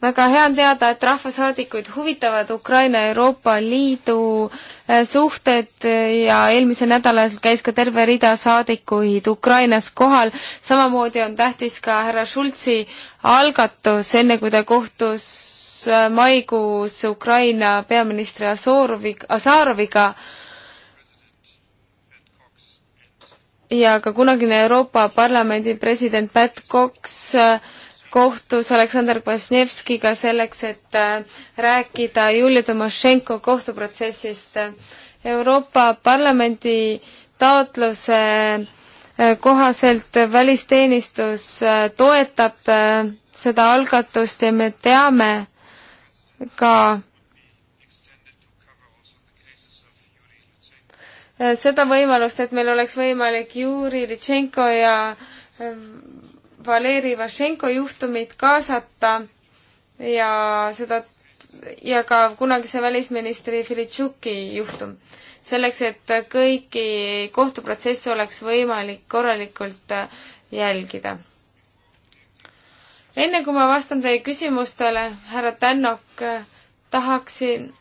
väga hea on teada, et rahvasaadikuid huvitavad Ukraina Euroopa Liidu äh, suhted äh, ja eelmisel nädalal käis ka terve rida saadikuid Ukrainas kohal. samamoodi on tähtis ka härra Schulzi algatus, enne kui ta kohtus äh, maikuus Ukraina peaministri Azorovi, Azaroviga ja ka kunagine Euroopa Parlamendi president Pat Cox äh, kohtus Aleksandr Kvasnevskiga selleks, et äh, rääkida Julia Tomašenko kohtuprotsessist. Euroopa Parlamendi taotluse äh, kohaselt välisteenistus äh, toetab seda algatust ja me teame ka seda võimalust, et meil oleks võimalik Juri Litšenko ja Valeri Vašenko juhtumit kaasata ja seda ja ka kunagise välisministri Filitšuki juhtum. selleks, et kõiki kohtuprotsesse oleks võimalik korralikult jälgida. enne kui ma vastan teie küsimustele, härra Tännok, tahaksin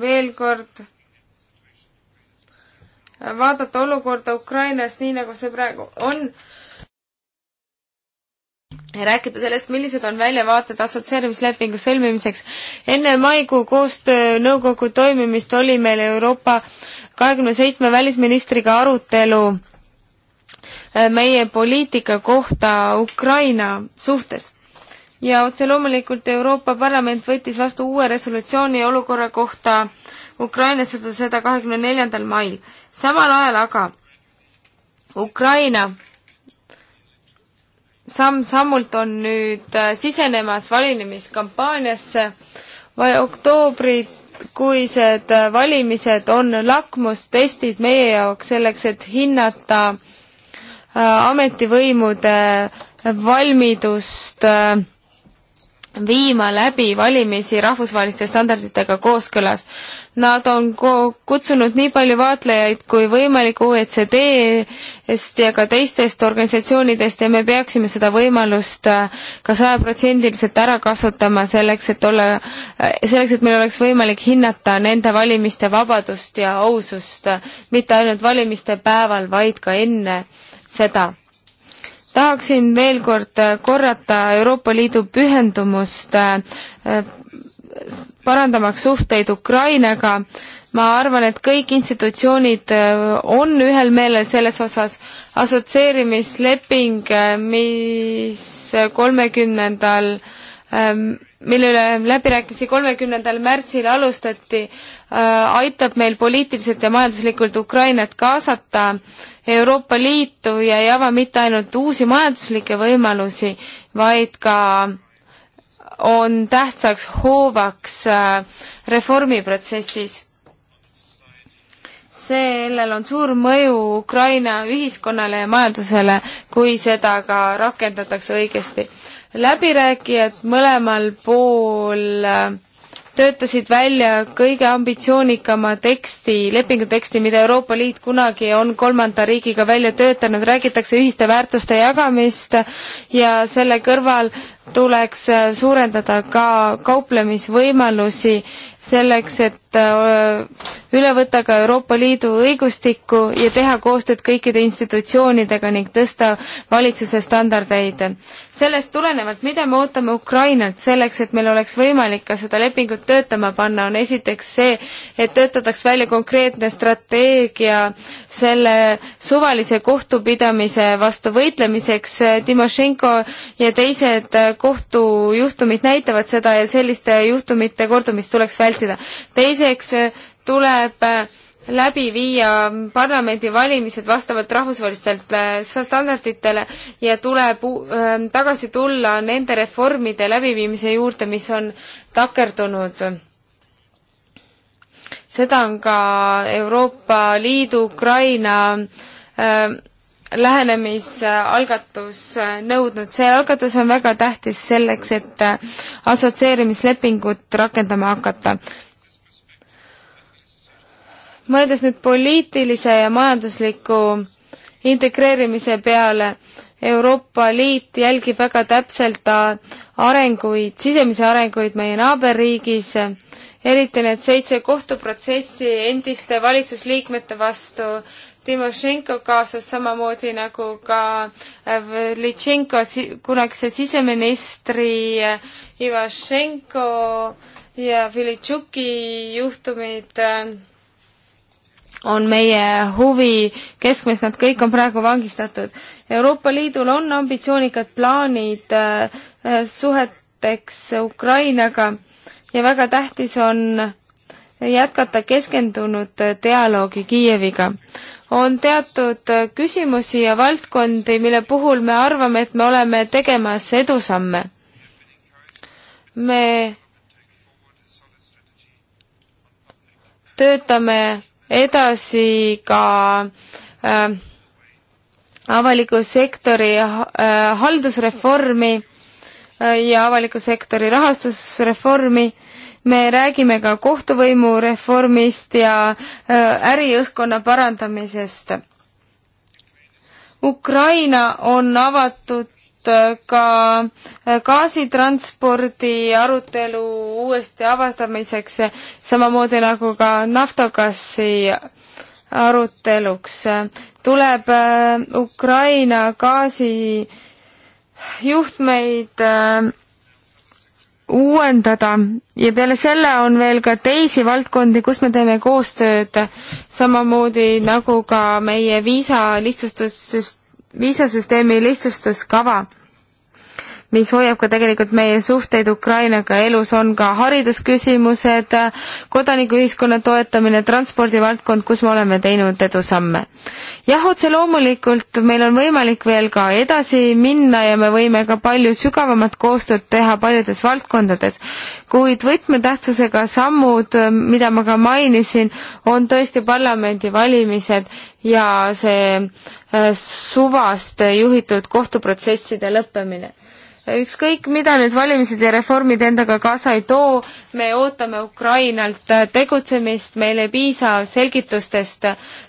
veel kord vaadata olukorda Ukrainas nii, nagu see praegu on rääkida sellest, millised on väljavaated assotsieerimislepingu sõlmimiseks. enne maikuu koostöönõukogu toimimist oli meil Euroopa kahekümne seitsme välisministriga arutelu äh, meie poliitika kohta Ukraina suhtes. ja otse loomulikult Euroopa Parlament võttis vastu uue resolutsiooni olukorra kohta Ukrainas, seda, seda kahekümne neljandal mail. samal ajal aga Ukraina samm-sammult on nüüd äh, sisenemas valimiskampaaniasse. oktoobrikuised äh, valimised on lakmustestid meie jaoks selleks, et hinnata äh, ametivõimude valmidust äh, viima läbi valimisi rahvusvaheliste standarditega kooskõlas. Nad on ko-, kutsunud nii palju vaatlejaid kui võimalik OECD-st ja ka teistest organisatsioonidest ja me peaksime seda võimalust äh, ka sajaprotsendiliselt ära kasutama selleks, et olla, äh, selleks, et meil oleks võimalik hinnata nende valimiste vabadust ja ausust äh, mitte ainult valimiste päeval, vaid ka enne seda tahaksin veel kord äh, korrata Euroopa Liidu pühendumust äh, parandamaks suhteid Ukrainaga. ma arvan, et kõik institutsioonid äh, on ühel meelel selles osas. assotsieerimisleping, mis kolmekümnendal 30 Ähm, mille üle läbirääkimisi kolmekümnendal märtsil alustati, äh, aitab meil poliitiliselt ja majanduslikult Ukrainat kaasata Euroopa Liitu ja ei ava mitte ainult uusi majanduslikke võimalusi, vaid ka on tähtsaks hoovaks äh, reformiprotsessis. sellel on suur mõju Ukraina ühiskonnale ja majandusele, kui seda ka rakendatakse õigesti läbirääkijad mõlemal pool äh, töötasid välja kõige ambitsioonikama teksti, lepinguteksti, mida Euroopa Liit kunagi on kolmanda riigiga välja töötanud, räägitakse ühiste väärtuste jagamist ja selle kõrval tuleks äh, suurendada ka kauplemisvõimalusi selleks, et äh, üle võtta ka Euroopa Liidu õigustikku ja teha koostööd kõikide institutsioonidega ning tõsta valitsuse standardeid. sellest tulenevalt, mida me ootame Ukrainalt selleks, et meil oleks võimalik ka seda lepingut töötama panna, on esiteks see, et töötataks välja konkreetne strateegia selle suvalise kohtupidamise vastu võitlemiseks. Timošenko ja teised kohtujuhtumid näitavad seda ja selliste juhtumite kordumist tuleks välja vältida. teiseks äh, tuleb äh, läbi viia parlamendivalimised vastavalt rahvusvahelistele äh, standarditele ja tuleb tagasi tulla nende reformide läbiviimise juurde, mis on takerdunud. seda on ka Euroopa Liidu, Ukraina äh, lähenemisalgatus äh, nõudnud. see algatus on väga tähtis selleks, et äh, assotsieerimislepingut rakendama hakata. mõeldes nüüd poliitilise ja majandusliku integreerimise peale, Euroopa Liit jälgib väga täpselt arenguid, sisemisi arenguid meie naaberriigis, eriti need seitse kohtuprotsessi endiste valitsusliikmete vastu, Timošenko kaasus samamoodi nagu ka äh, Vlitšenko, kunagise siseministri äh, Ivašenko ja Filitšuki juhtumid äh, on meie huvi keskmes, nad kõik on praegu vangistatud. Euroopa Liidul on ambitsioonikad plaanid suheteks Ukrainaga ja väga tähtis on jätkata keskendunud dialoogi Kiieviga on teatud küsimusi ja valdkondi, mille puhul me arvame, et me oleme tegemas edusamme. me töötame edasi ka äh, avaliku sektori äh, haldusreformi äh, ja avaliku sektori rahastusreformi me räägime ka kohtuvõimu reformist ja äh, äriõhkkonna parandamisest. Ukraina on avatud äh, ka äh, gaasitranspordi arutelu uuesti avastamiseks, samamoodi nagu ka naftogassi aruteluks. tuleb Ukraina gaasijuhtmeid uuendada ja peale selle on veel ka teisi valdkondi, kus me teeme koostööd, samamoodi nagu ka meie viisa lihtsustus, viisasüsteemi lihtsustuskava mis hoiab ka tegelikult meie suhteid Ukrainaga elus, on ka haridusküsimused, kodanikuühiskonna toetamine, transpordivaldkond, kus me oleme teinud edusamme. jah, otse loomulikult meil on võimalik veel ka edasi minna ja me võime ka palju sügavamat koostööd teha paljudes valdkondades, kuid võtmetähtsusega sammud, mida ma ka mainisin, on tõesti parlamendivalimised ja see äh, suvast juhitud kohtuprotsesside lõppemine ükskõik, mida nüüd valimised ja reformid endaga kaasa ei too, me ootame Ukrainalt äh, tegutsemist, meile ei piisa selgitustest.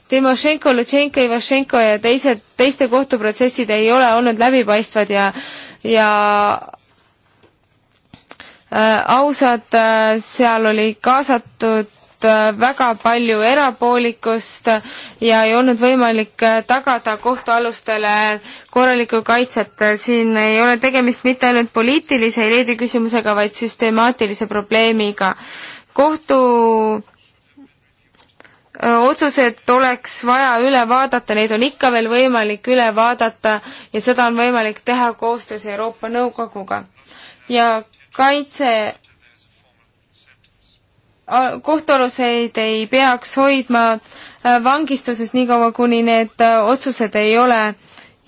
Timošenko, Lutsenko, Ivašenko ja teised, teiste kohtuprotsessid ei ole olnud läbipaistvad ja, ja äh, ausad äh,, seal oli kaasatud Äh, väga palju erapoolikust ja ei olnud võimalik äh, tagada kohtualustele korralikku kaitset. siin ei ole tegemist mitte ainult poliitilise eliidi küsimusega, vaid süstemaatilise probleemiga. kohtu äh, otsused oleks vaja üle vaadata, neid on ikka veel võimalik üle vaadata ja seda on võimalik teha koostöös Euroopa Nõukoguga. ja kaitse kohtualuseid ei peaks hoidma äh, vangistuses niikaua, kuni need äh, otsused ei ole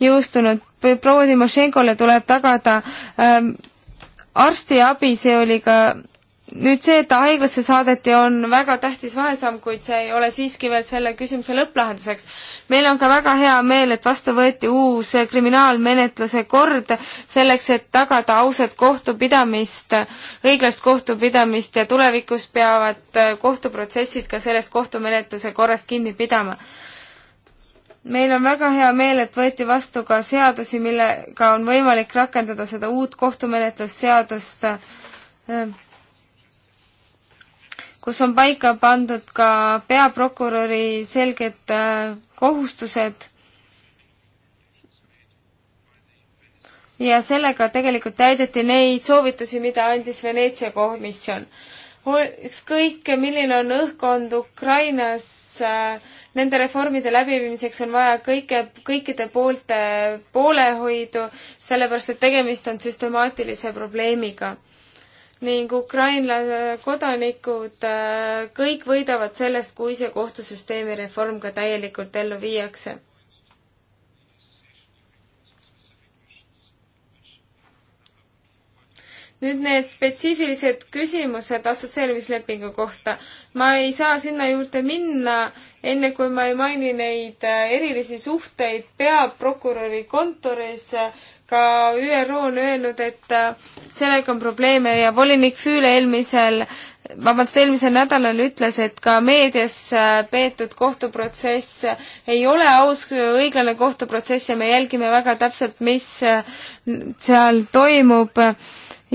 jõustunud. proua Timošenkole tuleb tagada ähm, arstiabi, see oli ka nüüd see, et ta haiglasse saadeti, on väga tähtis vaesamm, kuid see ei ole siiski veel selle küsimuse lõpplahenduseks. meil on ka väga hea meel, et vastu võeti uus kriminaalmenetluse kord selleks, et tagada ausat kohtupidamist, õiglast kohtupidamist ja tulevikus peavad äh, kohtuprotsessid ka sellest kohtumenetluse korrast kinni pidama meil on väga hea meel, et võeti vastu ka seadusi, millega on võimalik rakendada seda uut kohtumenetlusseadust äh, kus on paika pandud ka peaprokuröri selged äh, kohustused ja sellega tegelikult täideti neid soovitusi, mida andis Veneetsia komisjon. ükskõik, milline on õhkkond Ukrainas, äh, nende reformide läbiviimiseks on vaja kõike, kõikide poolte poolehoidu, sellepärast et tegemist on süstemaatilise probleemiga ning Ukraina kodanikud äh, kõik võidavad sellest, kui see kohtusüsteemi reform ka täielikult ellu viiakse. nüüd need spetsiifilised küsimused assotsieerimislepingu kohta. ma ei saa sinna juurde minna, enne kui ma ei maini neid äh, erilisi suhteid peaprokuröri kontoris ka ÜRO on öelnud, et äh, sellega on probleeme ja volinik Füüle eelmisel, vabandust, eelmisel nädalal ütles, et ka meedias äh, peetud kohtuprotsess ei ole aus, õiglane kohtuprotsess ja me jälgime väga täpselt, mis äh, seal toimub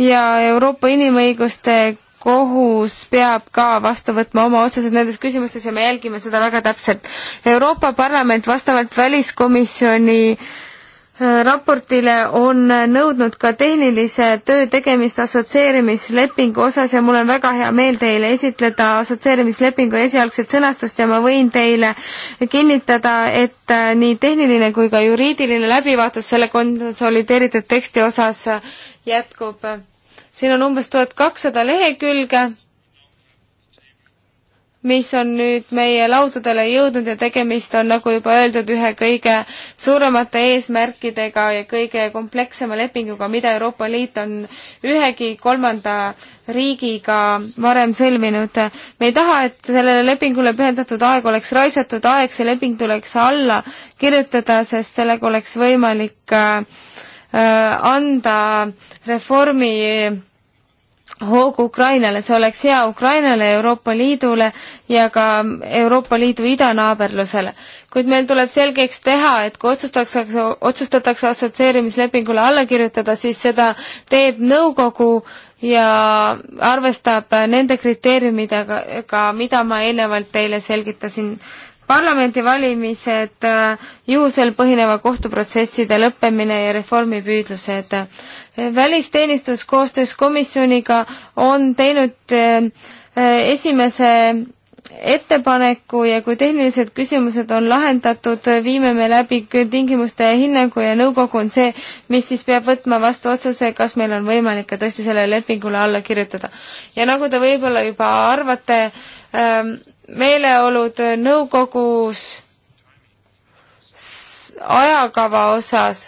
ja Euroopa Inimõiguste kohus peab ka vastu võtma oma otsused nendes küsimustes ja me jälgime seda väga täpselt. Euroopa Parlament vastavalt väliskomisjoni äh, raportile on nõudnud ka tehnilise töö tegemist assotsieerimislepingu osas ja mul on väga hea meel teile esitleda assotsieerimislepingu esialgset sõnastust ja ma võin teile kinnitada, et äh, nii tehniline kui ka juriidiline läbivaatus selle konsolideeritud teksti osas jätkub. siin on umbes tuhat kakssada lehekülge mis on nüüd meie laudadele jõudnud ja tegemist on, nagu juba öeldud, ühe kõige suuremate eesmärkidega ja kõige komplekssema lepinguga, mida Euroopa Liit on ühegi kolmanda riigiga varem sõlminud. me ei taha, et sellele lepingule pühendatud aeg oleks raisatud aeg, see leping tuleks alla kirjutada, sest sellega oleks võimalik äh, äh, anda reformi hoogu Ukrainale, see oleks hea Ukrainale, Euroopa Liidule ja ka Euroopa Liidu idanaaberlusele. kuid meil tuleb selgeks teha, et kui otsustatakse, otsustatakse assotsieerimislepingule alla kirjutada, siis seda teeb nõukogu ja arvestab nende kriteeriumidega, mida ma eelnevalt teile selgitasin parlamendivalimised, äh, juhusel põhineva kohtuprotsesside lõppemine ja reformipüüdlused. välisteenistus koostöös komisjoniga on teinud äh, esimese ettepaneku ja kui tehnilised küsimused on lahendatud, viime me läbi tingimuste hinnangu ja nõukogu on see, mis siis peab võtma vastu otsuse, kas meil on võimalik ka tõesti sellele lepingule alla kirjutada. ja nagu te võib-olla juba arvate ähm,, meeleolud nõukogus ajakava osas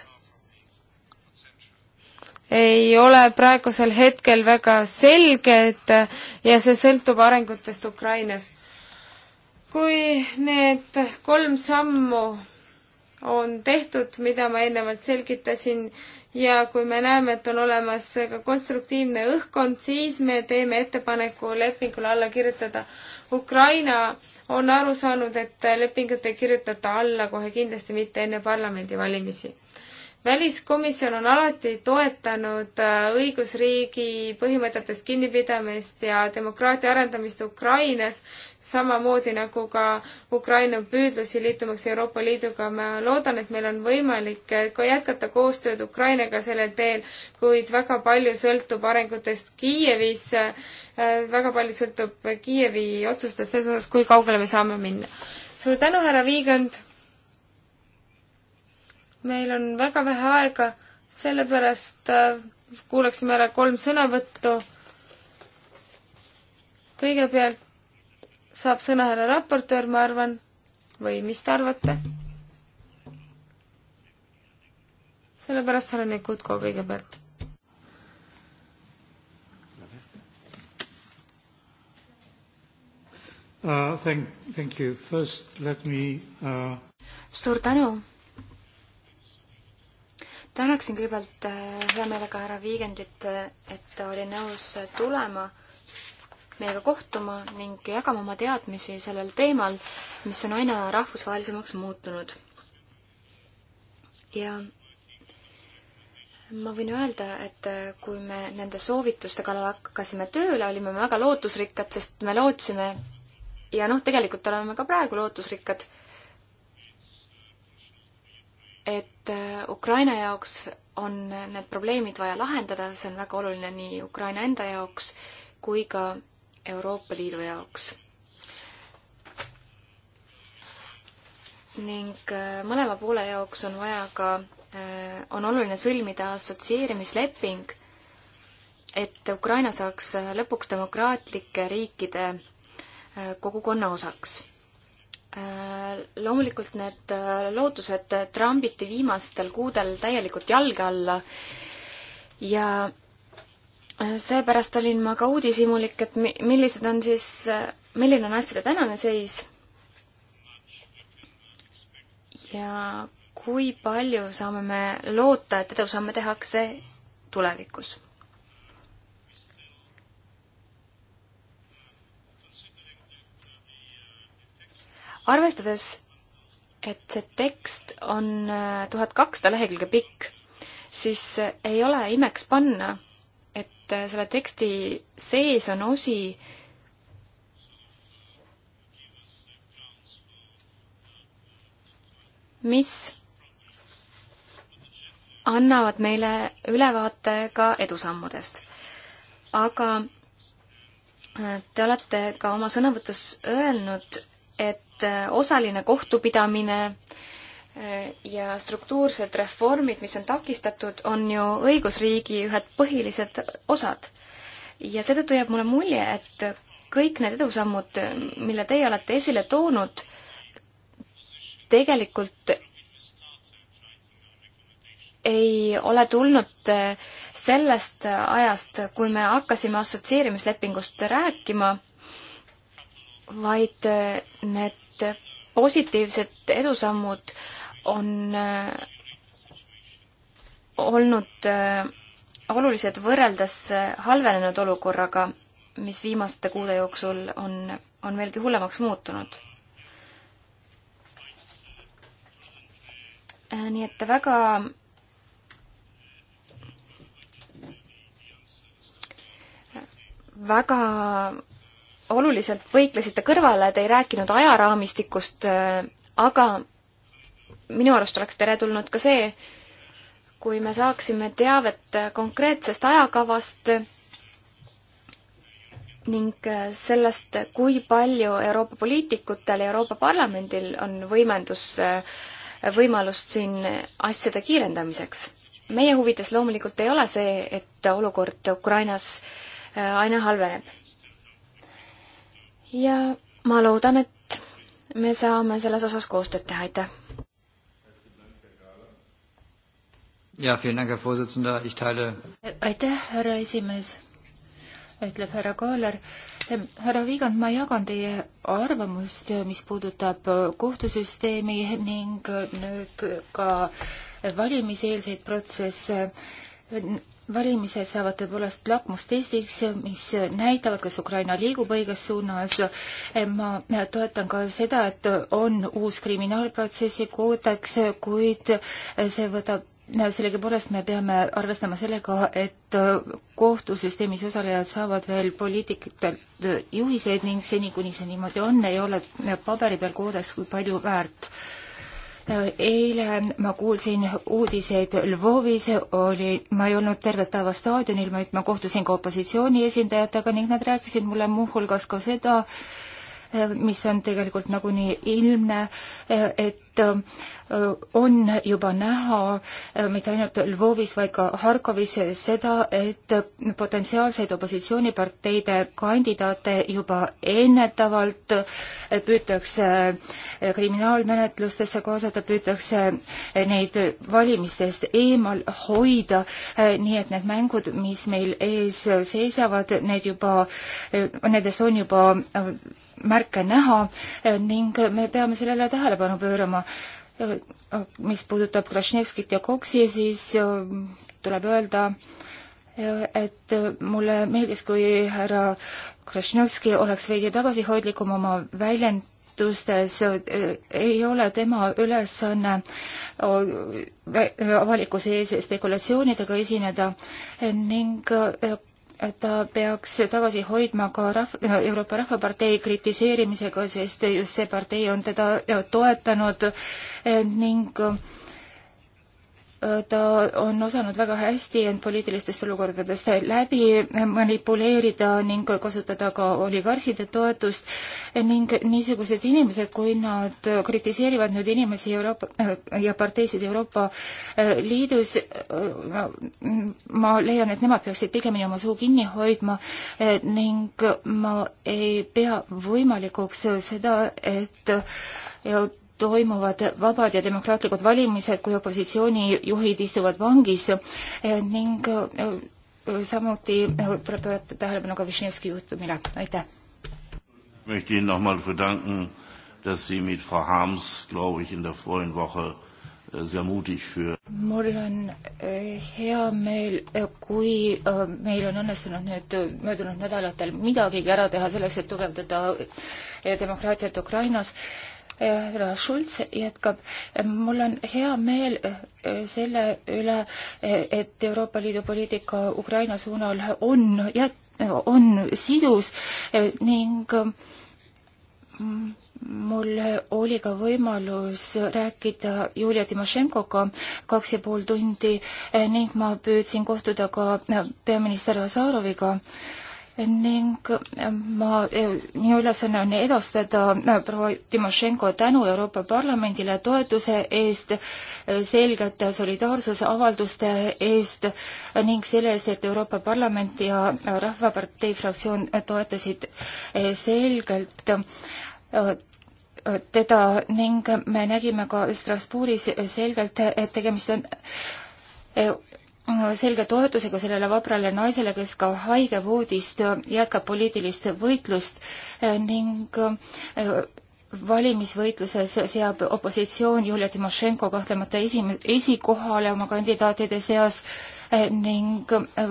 ei ole praegusel hetkel väga selged ja see sõltub arengutest Ukrainas. kui need kolm sammu on tehtud, mida ma eelnevalt selgitasin, ja kui me näeme, et on olemas ka konstruktiivne õhkkond, siis me teeme ettepaneku lepingule alla kirjutada. Ukraina on aru saanud, et lepingut ei kirjutata alla kohe kindlasti mitte enne parlamendivalimisi väliskomisjon on alati toetanud äh, õigusriigi põhimõtetest kinnipidamist ja demokraatia arendamist Ukrainas, samamoodi nagu ka Ukraina püüdlusi liitumaks Euroopa Liiduga. ma loodan, et meil on võimalik äh, ka jätkata koostööd Ukrainaga sellel teel, kuid väga palju sõltub arengutest Kiievis, äh, väga palju sõltub Kiievi otsustest selles osas, kui kaugele me saame minna. suur tänu, härra Viigand! meil on väga vähe aega, sellepärast äh, kuulaksime ära kolm sõnavõttu. kõigepealt saab sõna härra raportöör, ma arvan, või mis te arvate? sellepärast härra Nikutko kõigepealt. Uh, thank, thank you. First, let me uh... suur tänu tänaksin kõigepealt äh, hea meelega härra Viigendit, äh, et ta oli nõus äh, tulema meiega kohtuma ning jagama oma teadmisi sellel teemal, mis on aina rahvusvahelisemaks muutunud. ja ma võin öelda, et kui me nende soovituste kallal hakkasime tööle, olime me väga lootusrikkad, sest me lootsime ja noh, tegelikult oleme ka praegu lootusrikkad et äh, Ukraina jaoks on need probleemid vaja lahendada, see on väga oluline nii Ukraina enda jaoks kui ka Euroopa Liidu jaoks. ning äh, mõlema poole jaoks on vaja ka, äh, on oluline sõlmida assotsieerimisleping, et Ukraina saaks lõpuks demokraatlike riikide kogukonna osaks Äh, loomulikult need äh, lootused trambiti viimastel kuudel täielikult jalge alla ja äh, seepärast olin ma ka uudishimulik, et millised on siis, milline on asjade tänane seis ja kui palju saame me loota, et edusamme tehakse tulevikus arvestades, et see tekst on äh, tuhat kakssada lehekülge pikk, siis äh, ei ole imeks panna, et äh, selle teksti sees on osi, mis annavad meile ülevaate ka edusammudest. aga te olete ka oma sõnavõtus öelnud, et äh, osaline kohtupidamine äh, ja struktuursed reformid, mis on takistatud, on ju õigusriigi ühed põhilised osad. ja seetõttu jääb mulle mulje, et kõik need edusammud, mille teie olete esile toonud, tegelikult ei ole tulnud äh, sellest ajast, kui me hakkasime assotsieerimislepingust rääkima, vaid need positiivsed edusammud on äh, olnud äh, olulised võrreldes äh, halvenenud olukorraga, mis viimaste kuude jooksul on, on veelgi hullemaks muutunud. nii et väga väga oluliselt võitlesite kõrvale, te ei rääkinud ajaraamistikust, äh, aga minu arust oleks teretulnud ka see, kui me saaksime teavet konkreetsest ajakavast ning äh, sellest, kui palju Euroopa poliitikutel ja Euroopa Parlamendil on võimendus, äh, võimalust siin asjade kiirendamiseks. meie huvides loomulikult ei ole see, et olukord Ukrainas aina halveneb ja ma loodan, et me saame selles osas koostööd teha, aitäh! ja, aitäh, härra esimees, ütleb härra Kaaler härra Viigand, ma jagan teie arvamust, mis puudutab kohtusüsteemi ning nüüd ka valimiseelseid protsesse valimised saavad tõepoolest lakmustestiks, mis näitavad, kas Ukraina liigub õiges suunas. ma toetan ka seda, et on uus kriminaalprotsessi koodeks, kuid see võtab sellegipoolest me peame arvestama sellega, et kohtusüsteemis osalejad saavad veel poliitikutelt juhiseid ning seni, kuni see niimoodi on, ei ole paberi peal koodeks kui palju väärt eile ma kuulsin uudiseid Lvovis, oli, ma ei olnud tervet päeva staadionil, vaid ma kohtusin ka opositsiooni esindajatega ning nad rääkisid mulle muuhulgas ka seda, mis on tegelikult nagunii ilmne, et äh, on juba näha äh, mitte ainult Lvovis, vaid ka Harkovis seda, et potentsiaalseid opositsiooniparteide kandidaate juba ennetavalt püütakse äh, kriminaalmenetlustesse kaasata, püütakse neid valimistest eemal hoida, nii et need mängud, mis meil ees seisavad, need juba, nendes on juba märke näha eh, ning me peame sellele tähelepanu pöörama. Eh, mis puudutab Krasnevskit ja Koksi, siis eh, tuleb öelda, et mulle meeldis, kui härra Krasnevski oleks veidi tagasihoidlikum oma väljend-, asutustes ei ole tema ülesanne avalikkuse ees spekulatsioonidega esineda ning ta peaks tagasi hoidma ka rahv-, Euroopa Rahvapartei kritiseerimisega, sest just see partei on teda toetanud ning ta on osanud väga hästi end poliitilistest olukordadest läbi manipuleerida ning kasutada ka oligarhide toetust ning niisugused inimesed, kui nad kritiseerivad nüüd inimesi Euroopa ja parteisid Euroopa äh, Liidus, äh, ma leian, et nemad peaksid pigemini oma suu kinni hoidma äh, ning ma ei pea võimalikuks seda, et toimuvad vabad ja demokraatlikud valimised, kui opositsioonijuhid istuvad vangis eh, ning eh, samuti eh, tuleb pöörata tähelepanu ka Višnevski juhtumile, aitäh. möchte Ihnen nochmal bedanken, dass Sie mit Frau Harms, glaube ich, in der vorigen Woche sehr mutig für. mul on hea meel, kui meil on õnnestunud nüüd möödunud nädalatel midagigi ära teha selleks, et tugevdada demokraatiat Ukrainas härra Schulz jätkab. mul on hea meel eh, selle üle, eh, et Euroopa Liidu poliitika Ukraina suunal on jät-, on sidus eh, ning mm, mul oli ka võimalus rääkida Julia Timošenkoga kaks ja pool tundi ning ma püüdsin kohtuda ka peaminister Azaroviga ning eh, ma, eh, minu ülesanne on edastada eh, proua Timošenko tänu Euroopa Parlamendile toetuse eest, selgete solidaarsusavalduste eest ning selle eest, et Euroopa Parlament ja Rahvapartei fraktsioon toetasid selgelt teda ning me nägime ka Strasbourgis selgelt, et tegemist on selge toetusega sellele vaprale naisele, kes ka haigevoodist jätkab poliitilist võitlust eh, ning eh, valimisvõitluses seab opositsioon Julia Timošenko kahtlemata esim-, esikohale oma kandidaatide seas eh, ning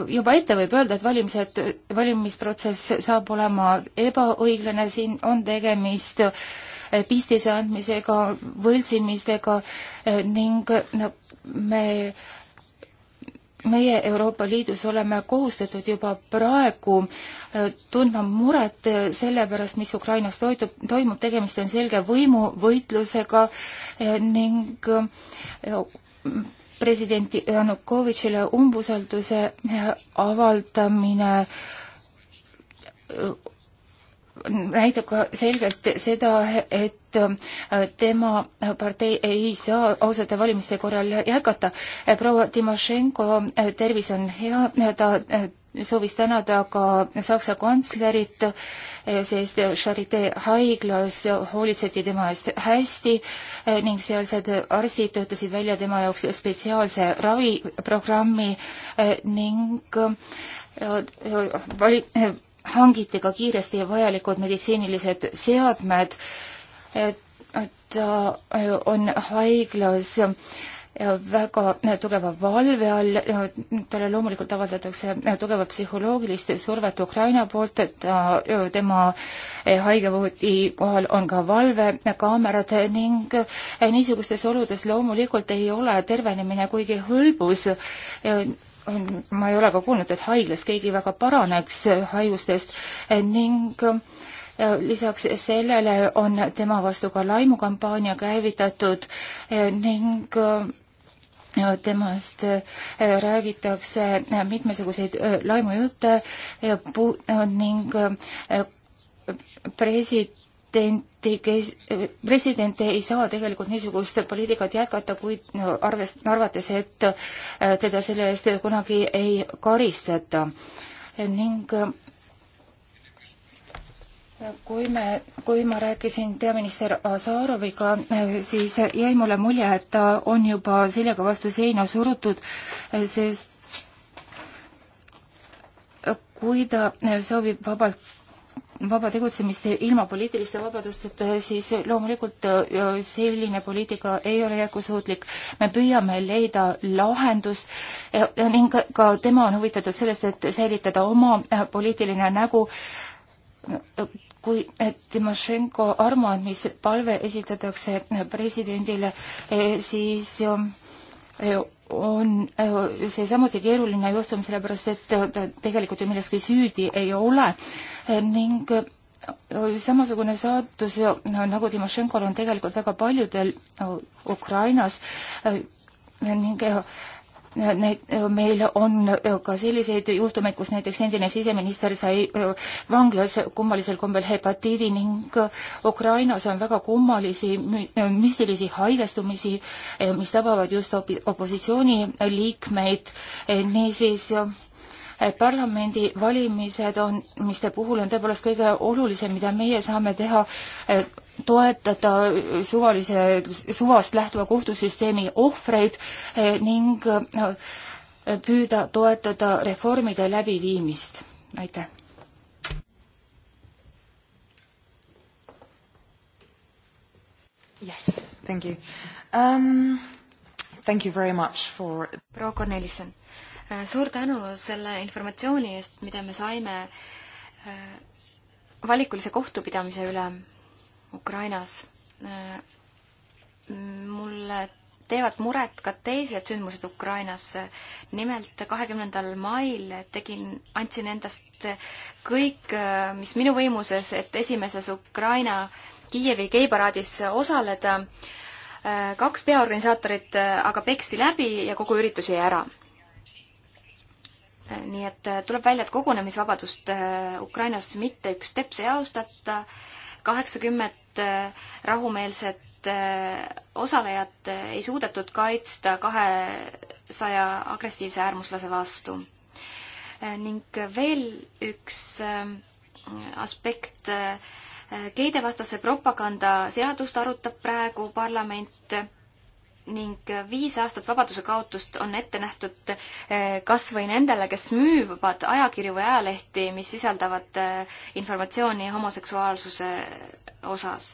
juba ette võib öelda, et valimised, valimisprotsess saab olema ebaõiglane, siin on tegemist pistise andmisega, võltsimistega ning me meie Euroopa Liidus oleme kohustatud juba praegu äh, tundma muret äh, selle pärast, mis Ukrainas toitub, toimub, tegemist on selge võimuvõitlusega äh, ning president Janukovitšile umbusalduse avaldamine näitab ka selgelt seda, et et äh, tema partei ei saa ausate valimiste korral jätkata. Äh, proua Timošenko äh, tervis on hea, ta soovis tänada ka Saksa kantslerit, sest Charité haiglas hoolitseti tema eest hästi ning sealsed arstid töötasid välja tema jaoks spetsiaalse raviprogrammi ning vali-, hangiti ka kiiresti vajalikud meditsiinilised seadmed ta äh, on haiglas väga tugeva valve all, talle loomulikult avaldatakse tugeva psühholoogilist survet Ukraina poolt, et äh, tema äh, haigevoodi kohal on ka valvekaamerad ning niisugustes oludes loomulikult ei ole tervenemine kuigi hõlbus ma ei ole ka kuulnud, et haiglas keegi väga paraneks haigustest ning lisaks sellele on tema vastu ka laimukampaania käivitatud e, ning e, temast e, räägitakse mitmesuguseid laimujutte ning presidenti, kes, president ei saa tegelikult niisugust poliitikat jätkata, kuid arves-, arvates, et teda selle eest kunagi ei karistata ning kui me, kui ma rääkisin peaminister Azaroviga, siis jäi mulle mulje, et ta on juba seljaga vastu seina surutud, sest kui ta soovib vabalt, vaba tegutsemist ilma poliitiliste vabadusteta, siis loomulikult selline poliitika ei ole jätkusuutlik. me püüame leida lahendust ning ka tema on huvitatud sellest, et säilitada oma poliitiline nägu kui Timošenko armuandmise palve esitatakse presidendile, eh, siis eh, on eh, see samuti keeruline juhtum, sellepärast et ta tegelikult ju milleski süüdi ei ole ning samasugune saatus no, nagu Timošenkol on tegelikult väga paljudel Ukrainas ning Need, meil on ka selliseid juhtumeid, kus näiteks endine siseminister sai vanglas kummalisel kombel hepatiidi ning Ukrainas on väga kummalisi müstilisi haigestumisi, mis tabavad just opositsiooniliikmeid, niisiis parlamendi valimised on, miste puhul on tõepoolest kõige olulisem, mida meie saame teha, toetada suvalise, suvast lähtuva kohtusüsteemi ohvreid eh, ning eh, püüda toetada reformide läbiviimist. aitäh! Yes, thank you um,. Thank you very much for proua Cornelissen Äh, suur tänu selle informatsiooni eest, mida me saime äh, valikulise kohtupidamise üle Ukrainas. Äh, mulle teevad muret ka teised sündmused Ukrainas. nimelt kahekümnendal mail tegin, andsin endast kõik, mis minu võimuses, et esimeses Ukraina Kiievi geiparaadis osaleda. kaks peaorganisaatorit aga peksti läbi ja kogu üritus jäi ära nii et äh, tuleb välja, et kogunemisvabadust äh, Ukrainas mitte üks teps ei austata, kaheksakümmet äh, rahumeelset osalejat ei suudetud kaitsta kahesaja agressiivse äärmuslase vastu. ning veel üks aspekt, geidevastase propaganda seadust arutab praegu parlament ning viis aastat vabaduse kaotust on ette nähtud eh, kas või nendele, kes müüvad ajakirju või ajalehti, mis sisaldavad eh, informatsiooni homoseksuaalsuse osas.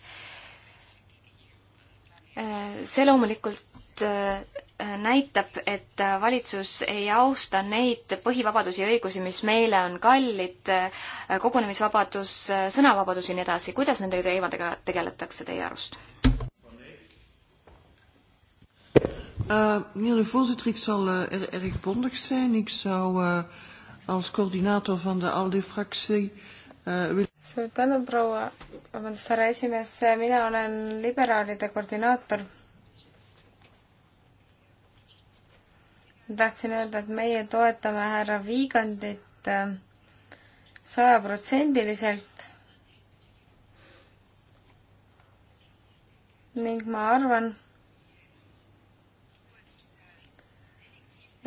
Eh, see loomulikult näitab, et valitsus ei austa neid põhivabadusi ja õigusi, mis meile on kallid, kogunemisvabadus, sõnavabadus ja nii edasi. kuidas nende teemadega tegeletakse teie arust? Uh, meneer de voorzitter, ik zal uh, er, erg bondig zijn. Ik zou uh, als coördinator van de ALDE-fractie uh, willen... Suur tänu, proua, vabandust, härra esimees, mina olen liberaalide koordinaator. tahtsin öelda, et meie toetame härra Viigandit sajaprotsendiliselt ning ma arvan,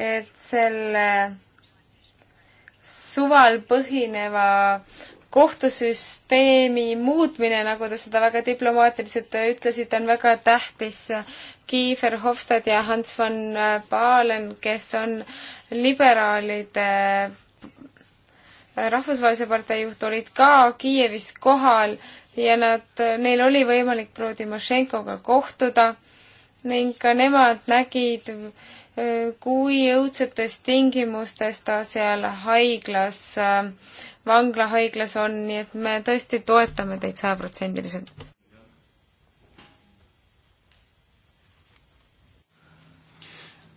et selle suval põhineva kohtusüsteemi muutmine, nagu te seda väga diplomaatiliselt ütlesite, on väga tähtis. Kiefer Hofstad ja Hans von Pahlen, kes on liberaalide rahvusvahelise partei juht, olid ka Kiievis kohal ja nad, neil oli võimalik Proodimošenkoga kohtuda ning ka nemad nägid kui õudsetes tingimustes ta seal haiglas, vanglahaiglas on, nii et me tõesti toetame teid sajaprotsendiliselt.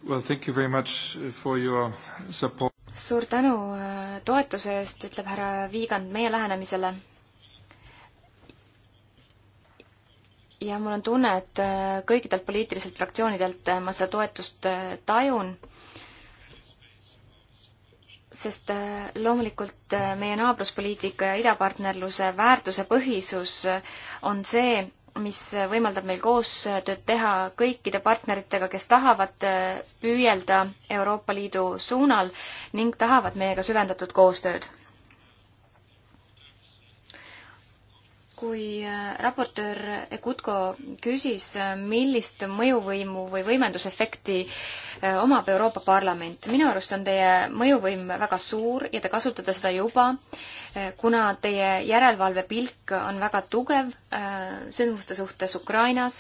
Well, thank you very much for your support. suur tänu äh, toetuse eest, ütleb härra Viigand meie lähenemisele ja mul on tunne, et äh, kõikidelt poliitiliselt fraktsioonidelt äh, ma seda toetust äh, tajun, sest loomulikult meie naabruspoliitika ja idapartnerluse väärtusepõhisus on see, mis võimaldab meil koostööd teha kõikide partneritega, kes tahavad püüelda Euroopa Liidu suunal ning tahavad meiega süvendatud koostööd kui äh, raportöör Egutko küsis, äh, millist mõjuvõimu või võimendusefekti äh, omab Euroopa Parlament, minu arust on teie mõjuvõim väga suur ja te kasutate seda juba, kuna teie järelevalvepilk on väga tugev sündmuste suhtes Ukrainas,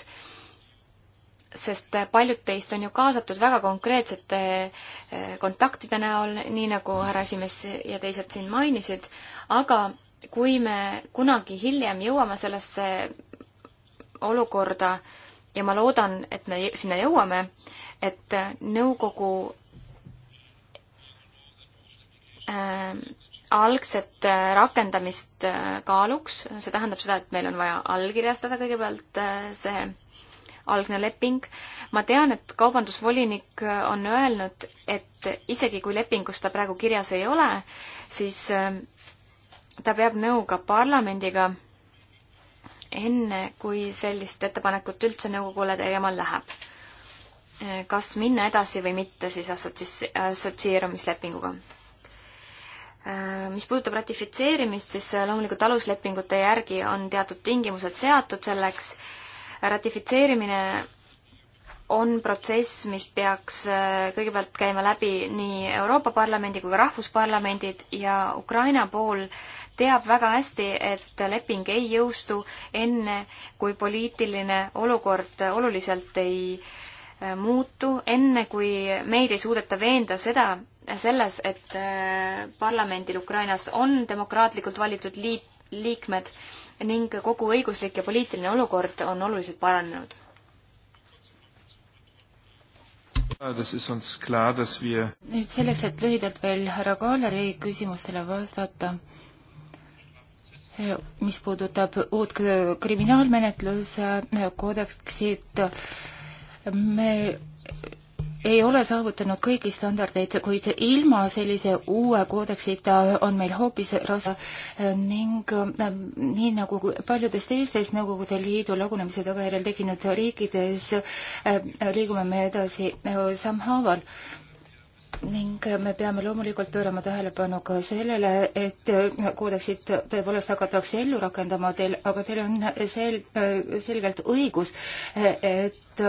sest paljud teist on ju kaasatud väga konkreetsete kontaktide näol, nii nagu härra esimees ja teised siin mainisid, aga kui me kunagi hiljem jõuame sellesse olukorda ja ma loodan, et me sinna jõuame, et nõukogu ähm, äh, algset rakendamist äh, kaaluks, see tähendab seda, et meil on vaja allkirjastada kõigepealt äh, see algne leping. ma tean, et kaubandusvolinik äh, on öelnud, et isegi kui lepingus ta praegu kirjas ei ole, siis ta peab nõu ka parlamendiga, enne kui sellist ettepanekut üldse nõukogule tegema läheb. kas minna edasi või mitte siis assotsi-, assotsieerumislepinguga. Mis puudutab ratifitseerimist, siis loomulikult aluslepingute järgi on teatud tingimused seatud selleks, ratifitseerimine on protsess, mis peaks kõigepealt käima läbi nii Euroopa Parlamendi kui ka rahvusparlamendid ja Ukraina pool teab väga hästi, et leping ei jõustu enne, kui poliitiline olukord oluliselt ei äh, muutu, enne kui meid ei suudeta veenda seda, selles, et äh, parlamendil Ukrainas on demokraatlikult valitud liit, liikmed ning kogu õiguslik ja poliitiline olukord on oluliselt paranenud. nüüd selleks, et lühidalt veel härra Kaaleri küsimustele vastata mis puudutab uut kriminaalmenetluse koodeksit, me ei ole saavutanud kõiki standardeid, kuid ilma sellise uue koodeksita on meil hoopis raske ning äh, nii nagu paljudes teistes Nõukogude Liidu lagunemise tagajärjel tekkinud riikides, äh, liigume me edasi äh, sammhaaval ning me peame loomulikult pöörama tähelepanu ka sellele, et koodeksit tõepoolest hakatakse ellu rakendama teil, aga teil on sel-, selgelt õigus, et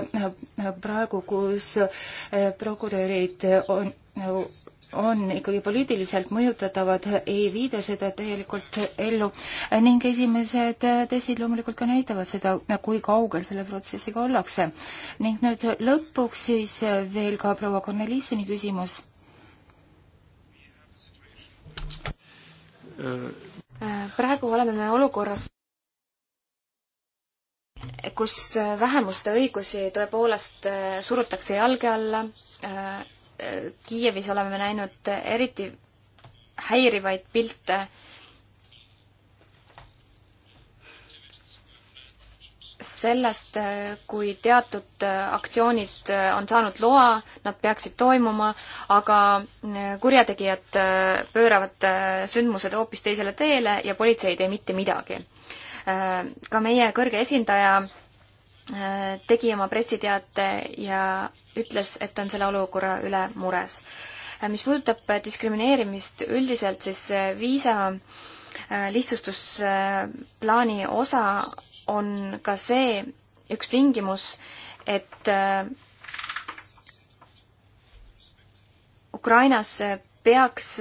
praegu, kus prokurörid on on ikkagi poliitiliselt mõjutatavad, ei viida seda täielikult ellu ning esimesed testid loomulikult ka näitavad seda, kui kaugel selle protsessiga ollakse. ning nüüd lõpuks siis veel ka proua Kornelissini küsimus. praegu oleme me olukorras, kus vähemuste õigusi tõepoolest surutakse jalge alla Kiievis oleme näinud eriti häirivaid pilte sellest, kui teatud aktsioonid on saanud loa, nad peaksid toimuma, aga kurjategijad pööravad sündmused hoopis teisele teele ja politsei ei tee mitte midagi. ka meie kõrge esindaja Äh, tegi oma pressiteate ja ütles, et on selle olukorra üle mures. Äh, mis puudutab äh, diskrimineerimist üldiselt, siis viisa lihtsustusplaani osa on ka see üks tingimus, et Ukrainas peaks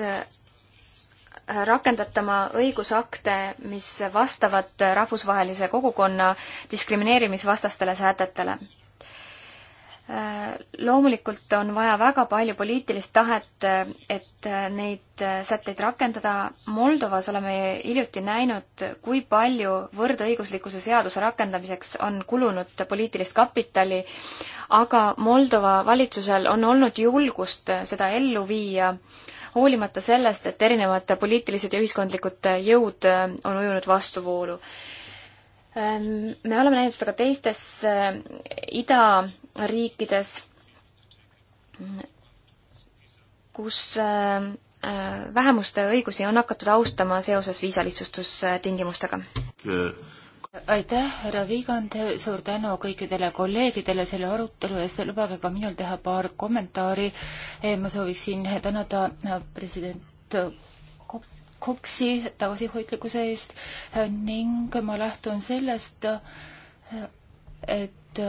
rakendatama õigusakte, mis vastavad rahvusvahelise kogukonna diskrimineerimisvastastele sätetele. Loomulikult on vaja väga palju poliitilist tahet, et neid sätteid rakendada. Moldovas oleme hiljuti näinud, kui palju võrdõiguslikkuse seaduse rakendamiseks on kulunud poliitilist kapitali, aga Moldova valitsusel on olnud julgust seda ellu viia äh, hoolimata sellest, et erinevad poliitilised ja ühiskondlikud jõud äh, on ujunud vastuvoolu. Ähm, me oleme näinud seda ka teistes äh, idariikides, kus äh, vähemuste õigusi on hakatud austama seoses viisalihtsustustingimustega aitäh, härra Viigand, suur tänu kõikidele kolleegidele selle arutelu eest, lubage ka minul teha paar kommentaari. Eh, ma sooviksin tänada eh, president Kops-, Koksi tagasihoidlikkuse eest eh, ning ma lähtun sellest, et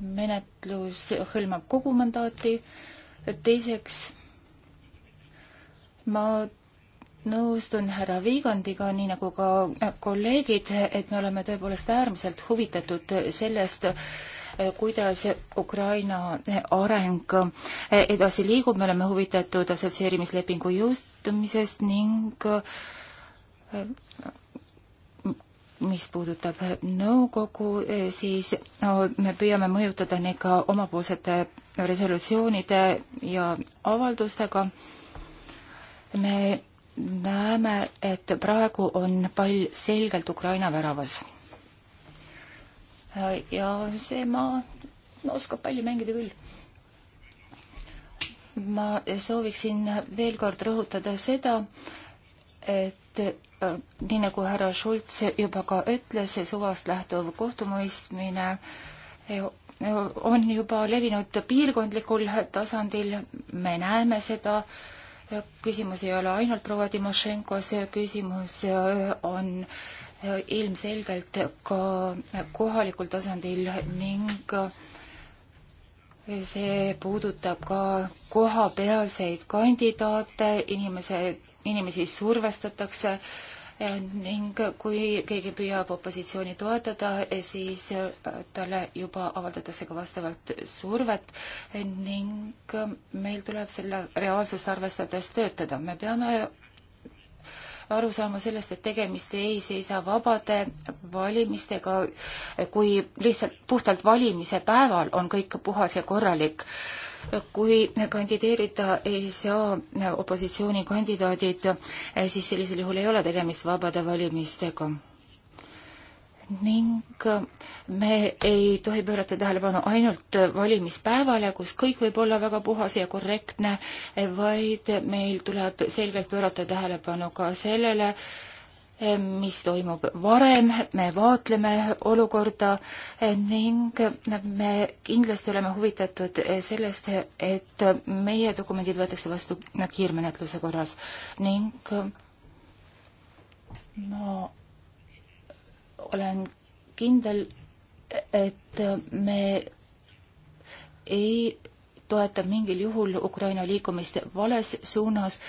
menetlus hõlmab kogu mandaati, teiseks ma nõustun härra Viigandiga, nii nagu ka äh, kolleegid, et me oleme tõepoolest äärmiselt huvitatud sellest, äh, kuidas Ukraina äh, areng edasi liigub, me oleme huvitatud assotsieerimislepingu jõustumisest ning mis puudutab nõukogu, siis no, me püüame mõjutada neid ka omapoolsete resolutsioonide ja avaldustega. me näeme, et praegu on pall selgelt Ukraina väravas. ja see maa oskab palli mängida küll. ma sooviksin veel kord rõhutada seda, et äh, nii nagu härra Schultz juba ka ütles, see suvast lähtuv kohtumõistmine äh, on juba levinud piirkondlikul tasandil, me näeme seda äh, küsimus ei ole ainult proua Timošenkos, küsimus äh, on äh, ilmselgelt ka kohalikul tasandil ning äh, see puudutab ka kohapealseid kandidaate, inimese, inimesi survestatakse äh, ning kui keegi püüab opositsiooni toetada, eh, siis eh, talle juba avaldatakse ka vastavalt survet ning eh, meil tuleb selle reaalsust arvestades töötada. me peame aru saama sellest, et tegemist ei seisa vabade valimistega, kui lihtsalt puhtalt valimise päeval on kõik puhas ja korralik kui kandideerida ei saa opositsioonikandidaadid, eh, siis sellisel juhul ei ole tegemist vabade valimistega. ning eh, me ei tohi pöörata tähelepanu ainult valimispäevale, kus kõik võib olla väga puhas ja korrektne, eh, vaid meil tuleb selgelt pöörata tähelepanu ka sellele, mis toimub varem, me vaatleme olukorda ning me kindlasti oleme huvitatud sellest, et meie dokumendid võetakse vastu kiirmenetluse korras ning ma olen kindel, et me ei toeta mingil juhul Ukraina liikumist vales suunas.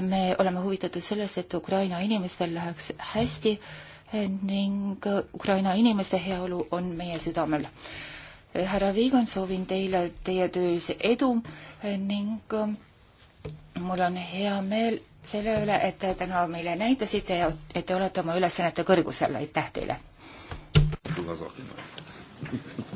me oleme huvitatud sellest, et Ukraina inimestel läheks hästi ning Ukraina inimeste heaolu on meie südamel. härra Viigan, soovin teile teie töös edu ning äh, mul on hea meel selle üle, et te täna meile näitasite ja et te olete oma ülesannete kõrgusel, aitäh teile!